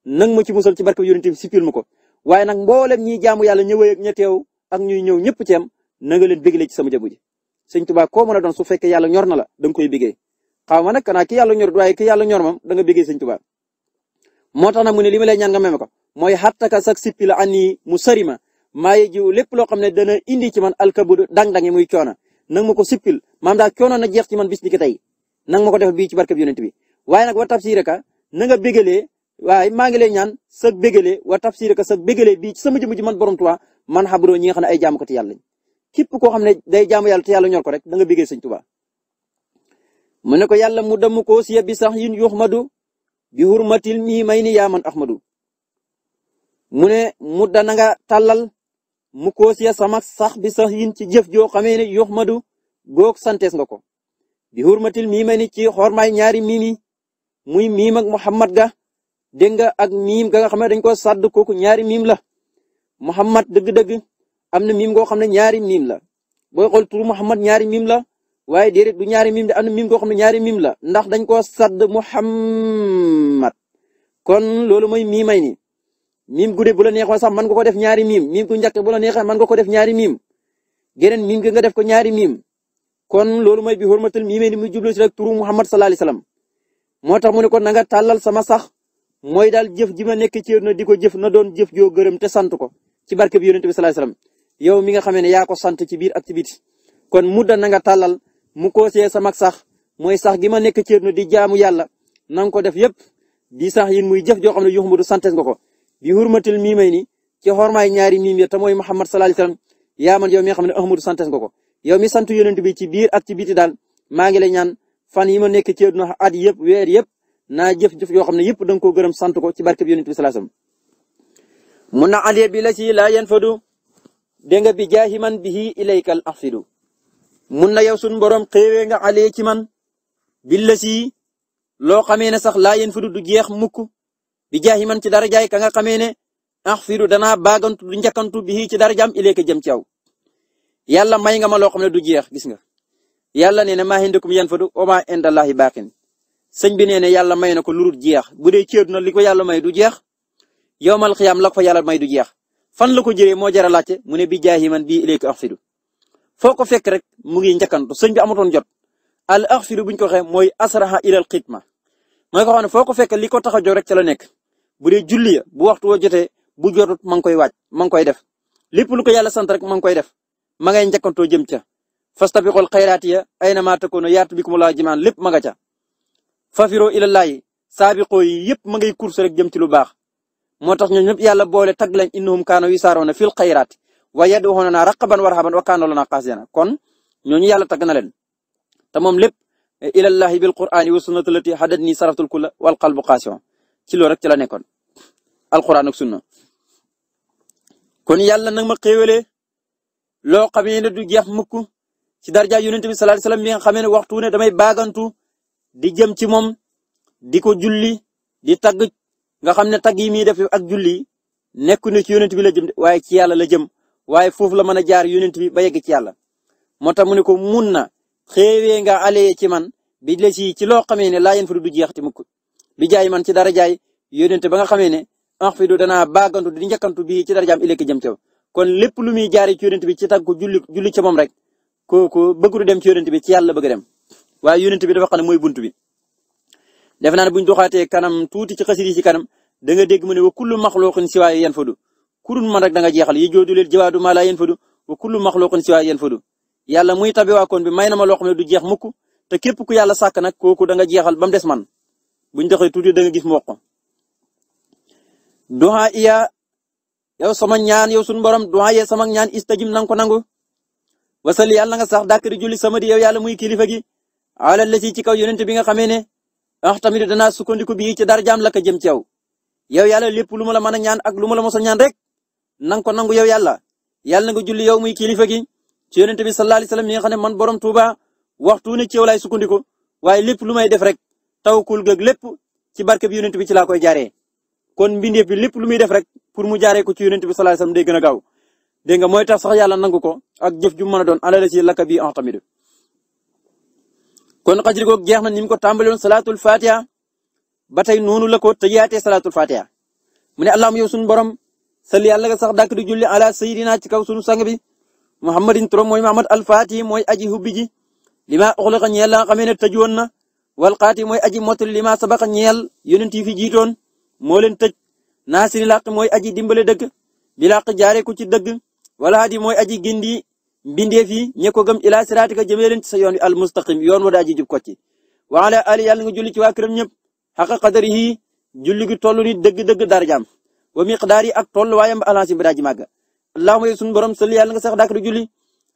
[SPEAKER 1] nag ma ci musal ci barke yonent bi sippil ma ko waaye nag mboolem ñiy jaamu yàlla ñëwee ak ña teew ak ñuy ñëw ñëpp ci na nga leen bégle ci sama jabu ji sëñ Tuubaa koo mën a doon su fekkee yàlla ñor na la da nga koy bigee xaw ma nag kanaa ki yàlla ñor waaye ki yàlla ñor moom da nga bigee sëñ moo tax na mu ne li ma lay ñaan nga meme ko mooy xattaka sax sippi la ani mu sëri ma maa ngi jiw lépp loo xam ne dana indi ci man alkabudu dang-dangi muy coono nag ma ko sippil maam daal coono na jeex ci man bis ni tey nag ma ko def bii ci barkab yonent bi waaye nag wa tafsir ka na nga bégalee waaye maa ngi lay ñaan sag bégalee wa tafsir ka sag bégalee bii ci sama jëmm ji borom Tuubaa man xam ne ay jaamu ko ci yàlla képp koo xam ne day jaamu yàlla te yàlla ñor ko rek da nga bëggee sëñ Tuubaa mu ne ko yàlla mu damm ko siya bi sax yin yuxmadu bi hurmatil mii may ni yaa man ahmadu mu ne mu dana nga tàllal mu ko siya sama sax bi sax yin ci jëf joo xamee ne yuxmadu goog santes nga ko bi hurmatil mii may ni ci xormaay ñaari mimi muy miim ak Muhammad ga dégg nga ak miim ga nga xam ne dañ ko sàdd kooku ñaari miim la Muhammad dëgg-dëgg am na miim goo xam ne ñaari miim la booy xool turu Muhammad ñaari miim la waaye déedéet du ñaari miim de am na miim goo xam ne ñaari miim la ndax dañ koo sadd Muhammad kon loolu mooy miimay ni miim guddee bu la neexoon sax mën ko def ñaari miim miim gu njëkk bu la neexee nga ko def ñaari miim geneen miim nga def ko ñaari miim kon loolu mooy bi xurmatul miimay ni muy jublu si rek turu Muhammad sallallahu alayhi wasallam moo tax mu ne ko nanga nga tàllal sama sax mooy daal jëf ji ma nekk ci na di ko jëf na doon jëf joo gërëm te sant ko ci barke bi yonent bi sallallahu alayhi yow mi nga xamee ne yaa ko sant ci biir activité kon mudda na nga tàllal mu koosee sama sax mooy sax gi ma nekk cërno di jaamu yàlla na nga ko def yépp di sax yin muy jëf joo xam ne yoo xam santes nga ko bi hurmatil mii may ni ci xormaay ñaari miim ya te mooy Muhammad sallallahu alayhi wasallam yaa man yow mi xam ne Ahmadu santes nga ko yow mi sant yonent bi ci biir activité daal maa ngi lay ñaan fan yi ma nekk ci àdduna at yëpp weer yëpp naa jëf-jëf yoo xam ne yëpp da nga koo gërëm sant ko ci barke bi yonent bi sallallahu alayhi wasallam na aliye bi la ci laa yenn fadu dégg nga bi jaahi man bihi ilaykal afidu mun na yow sunu borom xéewee nga alee ci man billa si loo xamee ne sax laa yéen fudu du jeex mukk bi jaahi man ci dara jaay ka nga xamee ne afidu danaa baagantu du njëkkantu bihi ci dara jaam ilayka jëm ci aw yàlla may nga ma loo xam ne du jeex gis nga yàlla nee na maa hindakum yan fadu wa maa indallahi baaqin sëñ bi nee na yàlla may na ko lu jeex bu dee ceeb na li ko yàlla may du jeex yowmal xiyaam la ko fa yàlla may du jeex fan la ko jëlee moo jar a laajte mu ne bi jaahi man bii ilayka axfidu foo ko fekk rek mu ngi njëkkantu sëñ bi amatoon jot al axfidu buñ ko waxee mooy asraha ilal xitma mooy ko xam ne foo ko fekk li ko tax a jóg rek ca la nekk bu dee julli ya bu waxtu woo jotee bu jotut ma ngi koy waaj ma ngi koy def lépp lu ko yàlla sant rek ma ngi koy def ma ngay njëkkantoo jëm ca fastabiqul xayraati ya aynamaa takuunu yaatu bikumulaa jimaan lépp ma nga ca fafiroo ilallaahi saabiqoo yi yëpp ma ngay course rek jëm ci lu baax moo tax ñooñu ñëpp yàlla boole tag lañ innahum kaanu yusaaruuna fil xayraat wa yad'uunanaa raqaban wa rahaban wa kaanu lanaa xaashi'iin kon ñooñu yàlla tag na leen te moom lépp eh, ilallahi bil qur'aani wa sunnati lati hadatni saraftul kulla wal qalbu qaasi'un ci loolu rek ci la nekkoon alquran ak sunna kon yàlla nag ma xéewalee loo xamee ne du jeex mukk ci darja yonent bi sallallahu alayhi wasallam nga xamee ne waxtu ne damay baagantu di jëm ci moom di ko julli di tagg nga xam ne tagg yi muy def ak julli yi ne ci yonent bi la jëm waaye ci yàlla la jëm waaye foof la mën a jaar yonent bi ba yegg ci yàlla moo tax mu ne ko mun na xéewee nga alee ci man bi la ci ci loo xamee ne laa yéen fa du jeex ti mukk bi jaay man ci dara jaay yonent ba nga xamee ne en fait danaa baagantu di njëkkantu bi ci dara jaam ilekk jëm ca kon lépp lu muy jaaree ci yonent bi ci tàgg ko julli julli ca moom rek kooku bëggu dem ci yonent bi ci yàlla bëgg dem waaye yonent bi dafa xam ne mooy bunt bi defe naa ne bu ñu doxaatee kanam tuuti ci xasida yi ci kanam da nga dégg mu ne wa kullu maxluqin si waaye yan fadu kurun man rek da jeexal yi joodu leen jawaadu maa laa yan fadu wa kullu maxluqin si waaye yan fadu yàlla muy tabiwaakoon bi may na ma loo xam ne du jeex mukk te képp ku yàlla sàkk nag kooku da nga jeexal ba mu des man bu ñu doxee tuuti da nga gis mu wax ko iya yow sama ñaan yow sunu borom duha ya sama ñaan istajib nang ko nangu wasali yàlla nga sax dàkk di julli sama di yow yàlla muy kilifa gi alal la bi nga xamee ne wax tamit danaa sukkandiku bii ci dara la ko jëm ci yow yow yàlla lépp lu ma la mën a ñaan ak lu ma la mos a ñaan rek nang ko nangu yow yàlla yàlla na nga julli yow muy kilifa gi ci yonent bi sallallahu alayhi wasallam mi nga xam ne man borom Touba waxtu ne ci yow laay sukkandiku waaye lépp lu may def rek taw tawakkul gëg lépp ci barke bi yonent bi ci laa koy jaaree. kon mbindeef bi lépp lu muy def rek pour mu jaaree ko ci yonent bi sallallahu alayhi wasallam day gën a gaaw dégg nga mooy tax sax yàlla nangu ko ak jëf ju mën a doon alal si lakka bi en kon xajri googu jeex na ni mu ko tàmbali woon salaatul fatiha ba tey noonu la ko tëjaatee salaatul fatiha mu ne allahumma yow sunu borom salli yàlla nga sax dàkk di julli ala sayidina ci kaw sunu sang bi muhammadin turam mooy muhammad alfaati mooy aji hubbi ji lima uxlaqa ñeel la nga xamee ne tëj woon na wal xaati mooy aji mottali lima sabaqa ñeel yonent yi fi jiitoon moo leen tëj naasiri làq mooy aji dimbale dëgg bi làq jaare ku ci dëgg wala hadi mooy aji gindi mbindeef yi ñe ilaa siraatika jëmee leen sa yoon wi al wa daa ji jub ko ci wa ala ali yàlla nga julli ci waa këram ñëpp xaqa qadarihi julli gi toll ni dëgg-dëgg darajaam wa miqdaar yi ak tolluwaayam ba alaasi bi daa ji màgg allahumma yow sunu borom salli yàlla nga sax dàkk di julli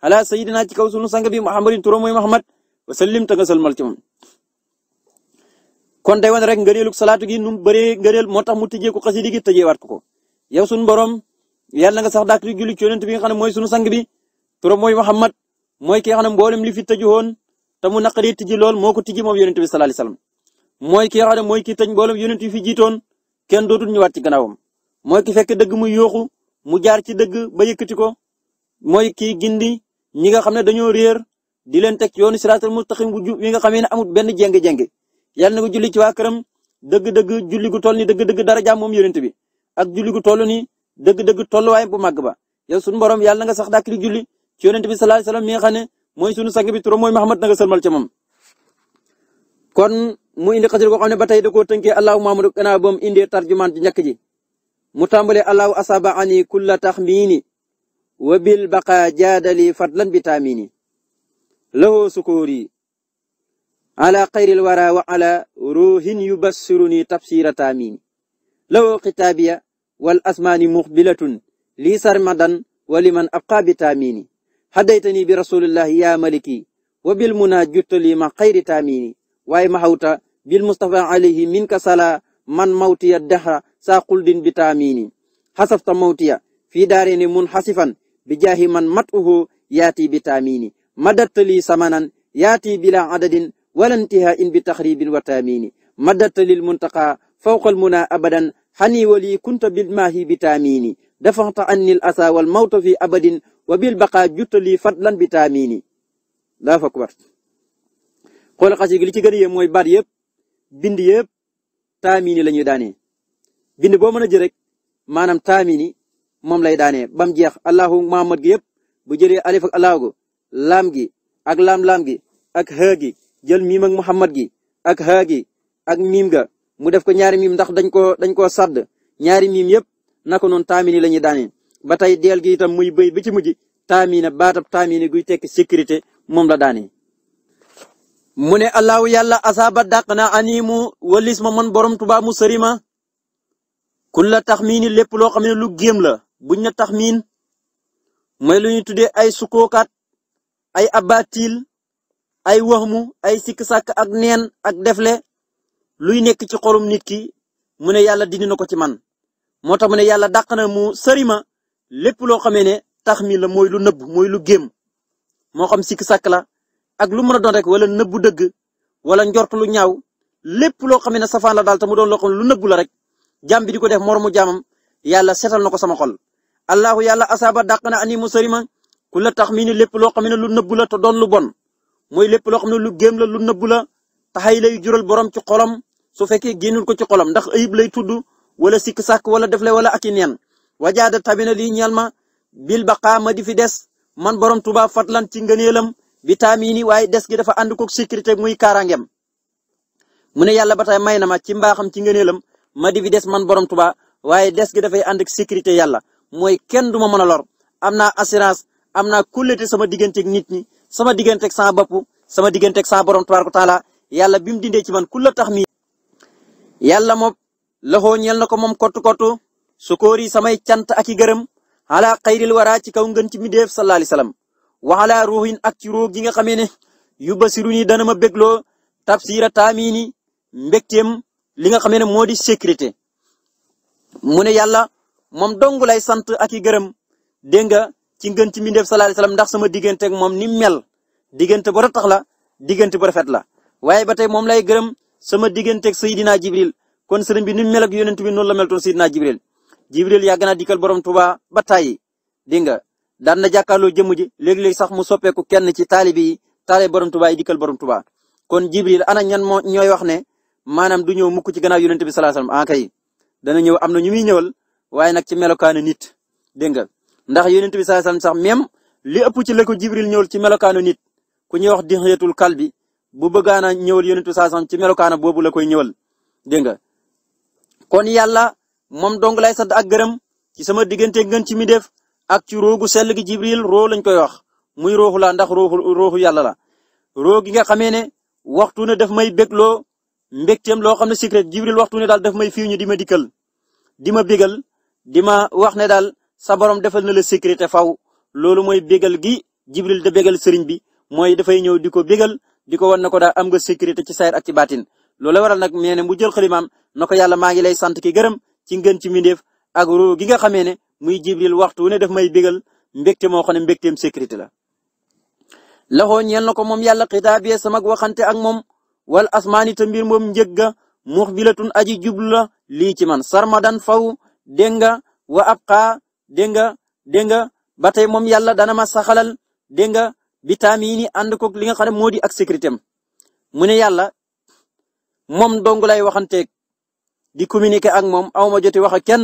[SPEAKER 1] ala sayidina ci kaw sunu sang bi muhammadin turam mooy muhammad wa sallim ta nga salmal ci moom kon day wane rek ngëneelug salaatu gi nu mu bëree ngëneel moo tax mu t ko ko ko yow sunu borom yàlla nga sax dàkk di julli ci yonent bi nga xam ne mooy sunu sang bi turam mooy Muhammad mooy ki nga xam ne li fi tëju woon te mu naqari tijji lool moo ko tijji moom yonent bi sallallahu alayhi wasallam mooy ki nga xam mooy ki tëj mboolem yonent yi fi jiitoon kenn dootul ñëwaat ci gannaawam mooy ki fekk dëgg mu yooxu mu jaar ci dëgg ba yëkkati ko mooy kii gindi ñi nga xam ne dañoo réer di leen teg yoonu siraatal mustaqim bu jub wi nga xamee ne amul benn jéng-jéng yàlla na ko julli ci waa dëgg-dëgg julli gu toll dëgg-dëgg dara jaam moom bi ak julli gu toll ni dëgg-dëgg tolluwaay bu màgg ba yow borom yàlla nga sax dàkk di ci yonent bi sallallahu alayhi wasallam mi nga xam sunu sang bi turam mooy Muhammad sëlmal ca kon mu indi xasida koo xam ne ba tey da tënkee allahu mahamadu mu indee tarjumaan ji njëkk ji mu tàmbalee allahu asaba ani kulla taxmiini wa bil baqa jaadali fadlan bi taamini lahoo sukoori ala xayril wara wa ala ruuhin yubassiruni tabsira taamini lahoo xitaabiya wal asmaani muxbilatun lii sarmadan wa liman bi taamini haddaytani bi rasulillahi yaa maliki wa bil muna juttali ma xayri taamini waaye ma xawta bil mustafa alayhi min ka sala man mawtiya dahra saa xuldin bi taamini xasafta mawtiya fii daareni mun xasifan bi jaahi man matuhu yaati bi taamini madattali samanan yaati bila adadin wala intihaa in bi taxribin wa taamini madattali lmuntaqa fawqa almuna abadan xani wali kunta bil maahi bi taamini dafanta anni al asa wal mawta fi abadin wa bil baqaa juttali lan bi taamini daa fa kubar xool xas li ci gën a yem mooy baat yëpp bind yëpp taamini la ñuy daanee bind boo mën a jël rek maanaam taamini moom lay daanee bam jeex allahu muhammad gi yëpp bu jëlee alif allahu go laam gi ak laam laam gi ak haa jël miim ak muhammad gi ak haa gi ak miim ga mu def ko ñaari miim ndax dañ koo dañ koo sàdd ñaari miim yëpp naka noonu taamini la ñuy daanee ba tey deel gi itam muy bëy bi ci mujj taamina baatab taamina guy tekki sécurité moom la daane. mu ne allahu yàlla asaaba dàq na animu walis ma man borom Tuubaa mu sëri ma kun la tax miini lépp loo xam ne lu géem la buñ la tax miin mooy lu ñu tuddee ay sukokat ay abatil ay waxmu ay sikk sàkk ak neen ak defle luy nekk ci xolum nit ki mu ne yàlla dindi na ko ci man moo tax mu ne yàlla dàq na mu sëri lépp loo xamee ne tax mi la mooy lu nëbb mooy lu gémm moo xam sikk sàkk la ak lu mën a doon rek wala nëbbu dëgg wala njort lu ñaaw lépp loo xamee ne safaan la daal te mu doon loo lu nëbbu la rek jaam di ko def moromu jaamam yàlla setal na ko sama xol. allahu yàlla asaaba dàq na ani musarima ku la tax mi ni lépp loo xam ne lu nëbbu la te doon lu bon mooy lépp loo xam ne lu géem la lu nëbbu la taxay lay jural borom ci xolam su fekkee génnul ko ci xolam ndax ayib lay tudd wala sikk sàkk wala def la wala ak neen wajaada tabina lii ñeel ma bil baqaa ma di fi des man borom Tuubaa fatlan ci ngëneelam bi taamini waaye des gi dafa ànd ko sécurité muy kaaraangeem mu ne yàlla ba tey may na ma ci mbaaxam ci ngëneelam ma di fi des man borom Tuubaa waaye des gi dafay ànd ak sécurité yàlla mooy kenn du ma mën a lor am naa assurance am naa kulleté sama digganteeg nit ñi sama digganteeg sama bopp sama digganteeg sama borom tabaaraka taala yàlla bi mu dindee ci man ku la tax mi yàlla moom loxo na ko moom kottu sukóor yi samay cant ak i gërëm ala xayril wara ci kaw ngën ci midéef sallallahu alayhi wasallam waxala ruuxin ak ci ruux gi nga xamee ne yu basiru ni dana ma bégloo tabsira taamini mbégteem li nga xamee ne moo di sécurité mu ne yàlla moom dong lay sant ak i gërëm dégg nga ci ngënt ci mbindeef sallallahu alayhi wasallam ndax sama diggante ak moom ni mel diggante bu ratax la diggante bu rafet la waaye ba tey moom lay gërëm sama diggante ak Seydina Jibril kon sëriñ bi ni mel ak yonent bi noonu la meltoon Seydina jibril yàgg na dikkal borom tuba ba tàyyi dégg nga daan na jàkkaarloo jëmm ji léeg-léeg sax mu soppeeku kenn ci taalibi yi taalibi borom tuba yi dikkal borom tuba kon jibril ana ñan moo ñooy wax ne maanaam du ñëw mukk ci gannaaw yonent bi sallallahu alayhi wasallam ah, kay dana ñëw am na ñu muy ñëwal waaye nag ci melokaanu nit dégg nga ndax yonent bi sallallahu alayhi sax même li ëpp ci la ko jibril ñëwal ci melokaanu nit ku ñuy wax dixiyatul kalbi bu bëggaana ñëwal yonent bi ci melokaana boobu la koy ñëwal dégg nga kon yàlla moom dong lay sant ak gërëm ci sama diggante ngën ci mi def ak ci roogu sell gi jibril roo lañ koy wax muy rooxu la ndax rooxu rooxu yàlla la roo gi nga xamee ne waxtu ne daf may bégloo mbégteem loo xam ne secret jibril waxtu ne daal daf may fiiw ñu di ma dikkal di ma bégal di ma wax ne daal sa borom defal na la sécurité faw loolu mooy bégal gi jibril da bégal sëriñ bi mooy dafay ñëw di ko bégal di ko wan ne ko daal am nga sécurité ci sayr ak ci baatin loolu waral nag nee ne mu jël xalimaam na yàlla maa ngi lay sant ki gërëm ci ngën ci mbindeef ak ruu gi nga xamee ne muy jibril waxtu wu ne daf may bégal mbégte moo xam ne mbégteem sécurité la. laxoo ñeel na ko moom yàlla xitaabee samag waxante ak moom wal asmaani te mbir moom njëgga muxbilatun aji jublu la lii ci man sarmadan faw dégg nga wa ab xa dégg nga dégg ba tey moom yàlla dana ma saxalal dégg nga vitamine yi ànd koog li nga xam ne moo di ak sécurité mu ne yàlla moom dong lay waxanteeg di communiquer ak moom aw ma joti wax ak kenn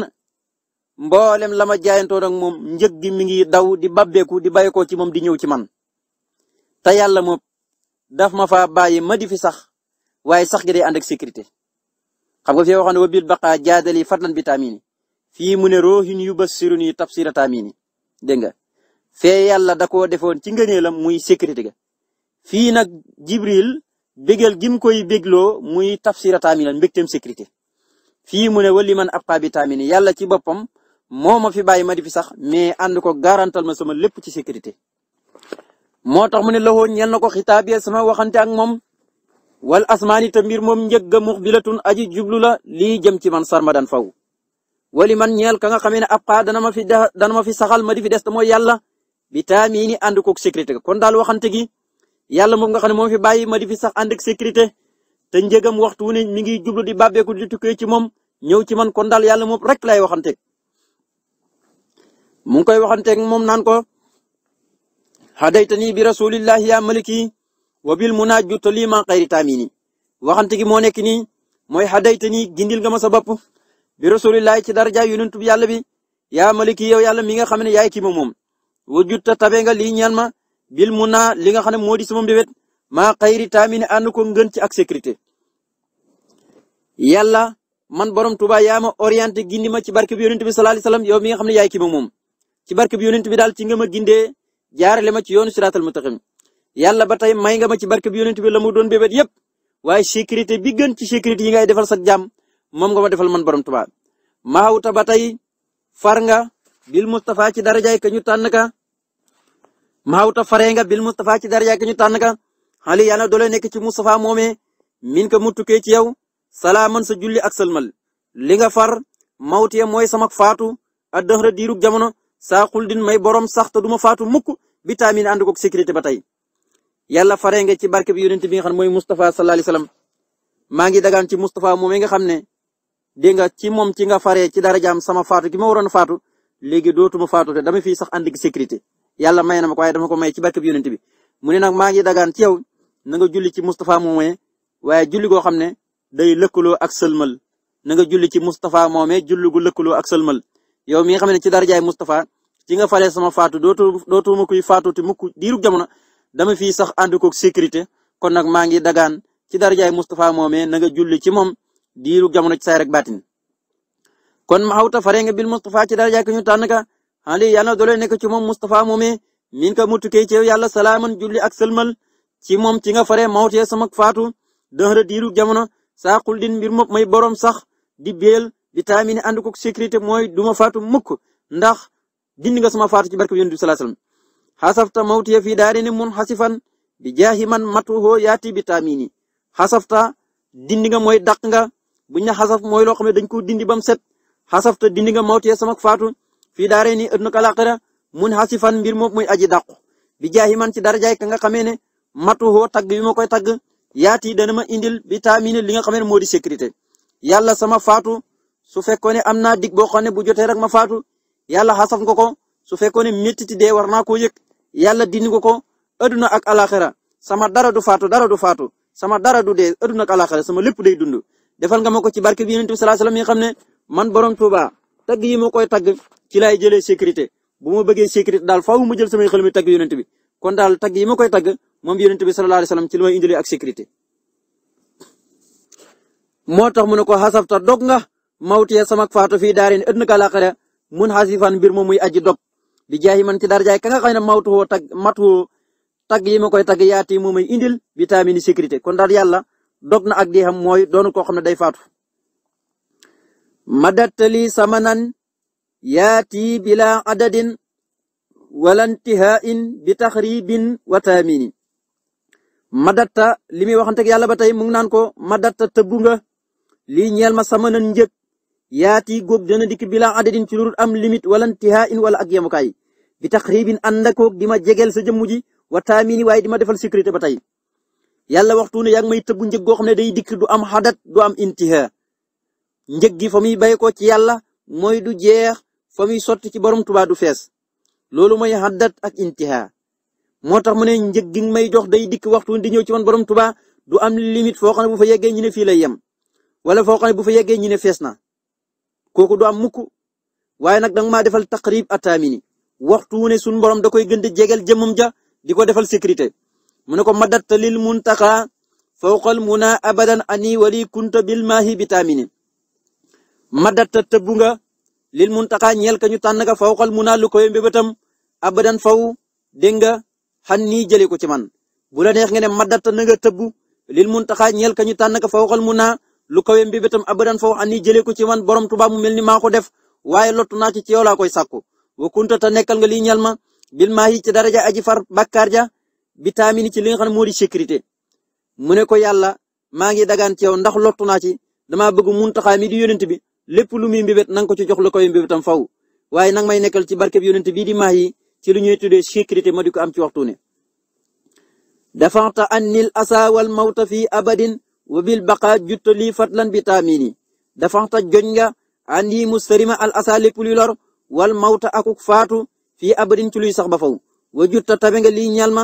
[SPEAKER 1] mboolem la ma jaayantoon ak moom njëg gi mi ngi daw di babbeeku di bàyyi ko ci moom di ñëw ci man. te yàlla moom daf ma fa bàyyi ma di fi sax waaye sax gi day ànd ak sécurité xam nga fi waxoon ne wa bil baqaa jaadali fadlan bi taamini fii mu ne roohin yu basiruni tafsira taamini dégg nga fee yàlla da koo defoon ci ngëneelam muy sécurité ga fii nag Jibril bégal gim koy bégloo muy tafsira taamina mbégteem sécurité. fii mu ne wali man ab xaabi taamini yàlla ci boppam moo ma fi bàyyi madi di fi sax mais ànd ko garantal ma sama lépp ci sécurité. moo tax mu ne la woon ñeel na ko xitaab yee sama waxante ak moom wal asmaani te mbir moom njëgg muxbilatun aji jublu la lii jëm ci man ma sarmadan faw wali man ñeel ka nga xamee ne ab xaa dana ma fi dana ma fi saxal ma di fi des te mooy yàlla bi taamini ànd koog sécurité kon daal waxante gi yàlla moom nga xam ne moo fi bàyyi ma di fi sax ànd ak sécurité. te njëgam waxtu wu mi ngi jublu di bàbbeeku di tukkee ci moom ñëw ci man kon daal yàlla moom rek lay waxanteeg mu ngi koy waxanteeg moom naan ko te hadaytani bi rasulillahi ya maliki wa bil munajjuta li ma xayri taamini waxante gi moo nekk nii mooy hadaytani gindil nga ma sa bopp bi rasulillahi ci daraja yonentu yàlla bi yaa maliki yow yàlla mi nga xam ne yaay ki ma moom wa jutta tabe nga lii ñaan ma bil na li nga xam ne moo di sama mbébét maa xayri taamin ànd ko ngën ci ak sécurité. yàlla man borom Tuubaa yaa ma orienté gindi ma ci barke bi yonent bi sallallahu alayhi wasallam yow mi nga xam ne yaay ki ma moom ci barke bi yonent bi daal ci nga ma gindee le ma ci yoonu siraatal mustaqim yàlla ba tey may nga ma ci barke bi yonent bi la mu doon bébét yépp waaye sécurité bi gën ci sécurité yi gay defal sa jàmm moom nga ma defal man borom Tuubaa mahawta ba tey far nga bil Mustafa ci darajaay ka ñu tànn ka mahawta faree nga bil Mustafa ci darajaay ka ñu ali yàlla doole nekk ci Moustapha moomee min ko mu tukkee ci yow salaaman sa julli ak salmal li nga far mawtee mooy samak faatu ak dëxra diirug jamono saa xul din may borom sax te du ma faatu mukk vitamine ànd koog sécurité ba tey. yàlla faree nga ci barke bi yonent bi nga xam mooy Moustapha sallallahu alayhi maa ngi dagaan ci Moustapha moomee nga xam ne dégg nga ci moom ci nga faree ci darajaam sama faatu gi ma waroon faatu léegi dootuma faatu te dama fii sax ànd ak sécurité yàlla may na ma ko waaye may ci barke bi yonent bi mu ne nag maa ngi dagaan ci yow na nga julli ci Moustapha moomee waaye julli goo xam ne day lëkkaloo ak sëlmal na nga julli ci Moustapha moomee julli gu lëkkaloo ak sëlmal yow mi nga xam ne ci darajaay Moustapha ci nga falee sama faatu dootu dootuma kuy faatu te mukk diirug jamono dama fi sax ànd koog sécurité kon nag maa ngi dagaan ci darajaay Moustapha moomee na nga julli ci moom diirug jamono ci saay rek baatin kon ma xawta faree nga bil Moustapha ci darajaay ki ñu tànn ka xale yàlla ci moom Moustapha moomee min ka ci yow yàlla ci moom ci nga faree mawtee sama faatu dëxra diiru jamono saaqul din mbir moom may borom sax di beel di taamine ànd ko sécurité mooy du ma faatu mukk ndax dindi nga sama faatu ci barke bi yonent bi sallallahu alayhi wasallam xasafta mawtee fii daarini mun xasifan bi jaahi man matuhoo yaati bi taamini xasafta dindi nga mooy dàq nga bu ñu xasaf mooy loo xam ne dañ ko dindi ba mu set xasafta dindi nga mawtee sama faatu fii daarini ëpp na ko alaxira mun xasifan mbir moom mooy aji dàqu bi man ci nga xamee ne matuwoo tagg bi ma koy tagg yaati dana ma indil bi taamine li nga xam ne moo di sécurité yàlla sama faatu su fekkoon ne am naa dig boo xam ne bu jotee rek ma faatu yàlla xasaf nga ko su fekkoon ne métti dee war naa koo yëg yàlla dindi nga ko aduna ak alaxira sama dara du faatu dara du faatu sama dara du dee aduna ak alaxira sama lépp day dund. defal nga ma ko ci barke bi yonent bi sallallahu mi nga xam ne man borom Touba tagg yi ma koy tagg ci laay jëlee sécurité bu ma bëggee sécurité daal faaw mu jël samay xel mi tagg yonent bi kon tagg yi ma koy tagg moom yonent bi sallallahu alayhi wasallam ci li may indilee ak sécurité. moo tax mu ne ko xasabta dog nga mawtee sama faatu fii daarin ëdd na kalaxira mun xasifan mbir moom muy aji dog bi jaay man ci darjaay ka nga xam ne mawtuwoo tag matuwoo tag yi ma koy tag yaati moom muy indil vitamine sécurité kon daal yàlla dog na ak di xam mooy doonu koo xam ne day faatu. madattali samanan yaati bila adadin wala intihain bi taxribin wa taaminin madatta li muy waxanteeg yàlla ba tey mu ngi naan ko madatta tëbbu nga lii ñeel ma sama nan njëg yaati góog dana dikk bila adadin ci lurut am limite wala intihaa in wala ak yemukaay bi taxribin ànd akoog di ma jegeel sa jëmm ji wa taamini waaye di defal sécurité ba tey yàlla waxtu ne yaa ngi may tëbbu njëg goo xam ne day dikk du am xadat du am intihaa njëg gi fa muy bay ko ci yàlla mooy du jeex fa muy ci borom Tuubaa du fees loolu mooy xadat ak intihaa moo tax mu ne njëg gi may jox day dikk waxtu di ñëw ci man borom du am limite foo xam ne bu fa yeggee ñu ne fii lay wala foo xam ne bu fa yeggee ñu ne fees na kooku du am mukk waaye nag danga maa defal taqrib atamini waxtu wu ne suñu borom da koy gën di jegal jëmmam ja di ko defal sécurité mu ne ko madat lil muntaqa fawqal muna abadan ani wali kunta bil maahi bitamini madatta tëbbu nga lil muntaqa ñeel ka ñu tànn ka fawqal muna lu koy mbébatam abadan faw dégg nga xan nii jëlee ko ci man bu la neex nga ne maddata na nga tëbb lil muntaxaa ñeel ka ñu tànn ka fa waxal mu naa lu kawe mbibitam abadan fa wax an nii jëlee ko ci man borom Tuubaa mu mel ni maa ko def waaye lottu naa ci ci laa koy sàkku wa kunta ta nekkal nga lii ñal ma bil maa yi ci daraja aji far bakkaar ja bi taamini ci li nga xam ne moo di sécurité mu ne ko yàlla maa ngi dagaan ci yow ndax lottu naa ci damaa bëgg muntaxaa mi di yónent bi lépp lu muy mbibét na ko ci jox lu koy mbibitam faw waaye nag may nekkal ci barkeb yónent bii di maa yi ci lu ñuy tuddee sécurité ma di ko am ci waxtu ne dafanta annil asa wal mawta fi abadin wa bil baqa juttali fatlan bi dafanta joñ nga andi mustarima al asa lépp luy lor wal mawta akuk faatu fii abadin ci luy sax ba faw wa jutta tabe nga lii ñal ma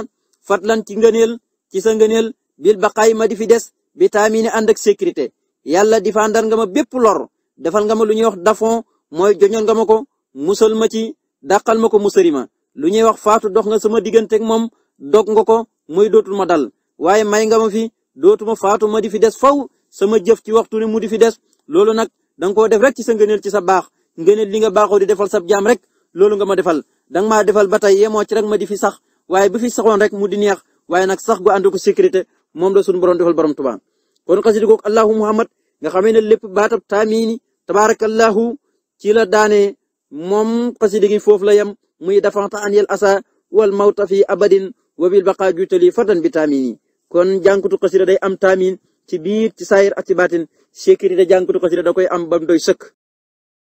[SPEAKER 1] fatlan ci ngëneel ci sa ngëneel bil baqaay ma di fi des bi taamini ànd ak sécurité yàlla difandar nga ma bépp lor defal nga ma lu ñuy wax dafon mooy joñoon nga ma ko musal ma ci daqal ma ko musarima lu ñuy wax faatu dox nga sama diggante ak moom dog nga ko muy dootul ma dal waaye may nga ma fi dootuma faatu ma di fi des faw sama jëf ci waxtu ne mu di fi des loolu nag danga koo def rek ci sa ngëneel ci sa baax ngëneel li nga baaxoo di defal sab jaam rek loolu nga ma defal danga maa defal ba tey yemoo ci rek ma di fi sax waaye bu fi saxoon rek mu di neex waaye nag sax gu ànd ko sécurité moom la suñu borom defal borom Tuubaa kon xasida goog Allahu Muhammad nga xamee ne lépp baatab taamiini tabaarakallahu ci la daane moom xasida gi foofu la yem muy dafaxta an yel asa wal mawta fi abadin wa bil baqa jutali fadan bi taamin yi kon jànkutu xasida day am taamin ci biir ci saayir ak ci baatin sécurité jànkutu xasida da koy am bam doy sëkk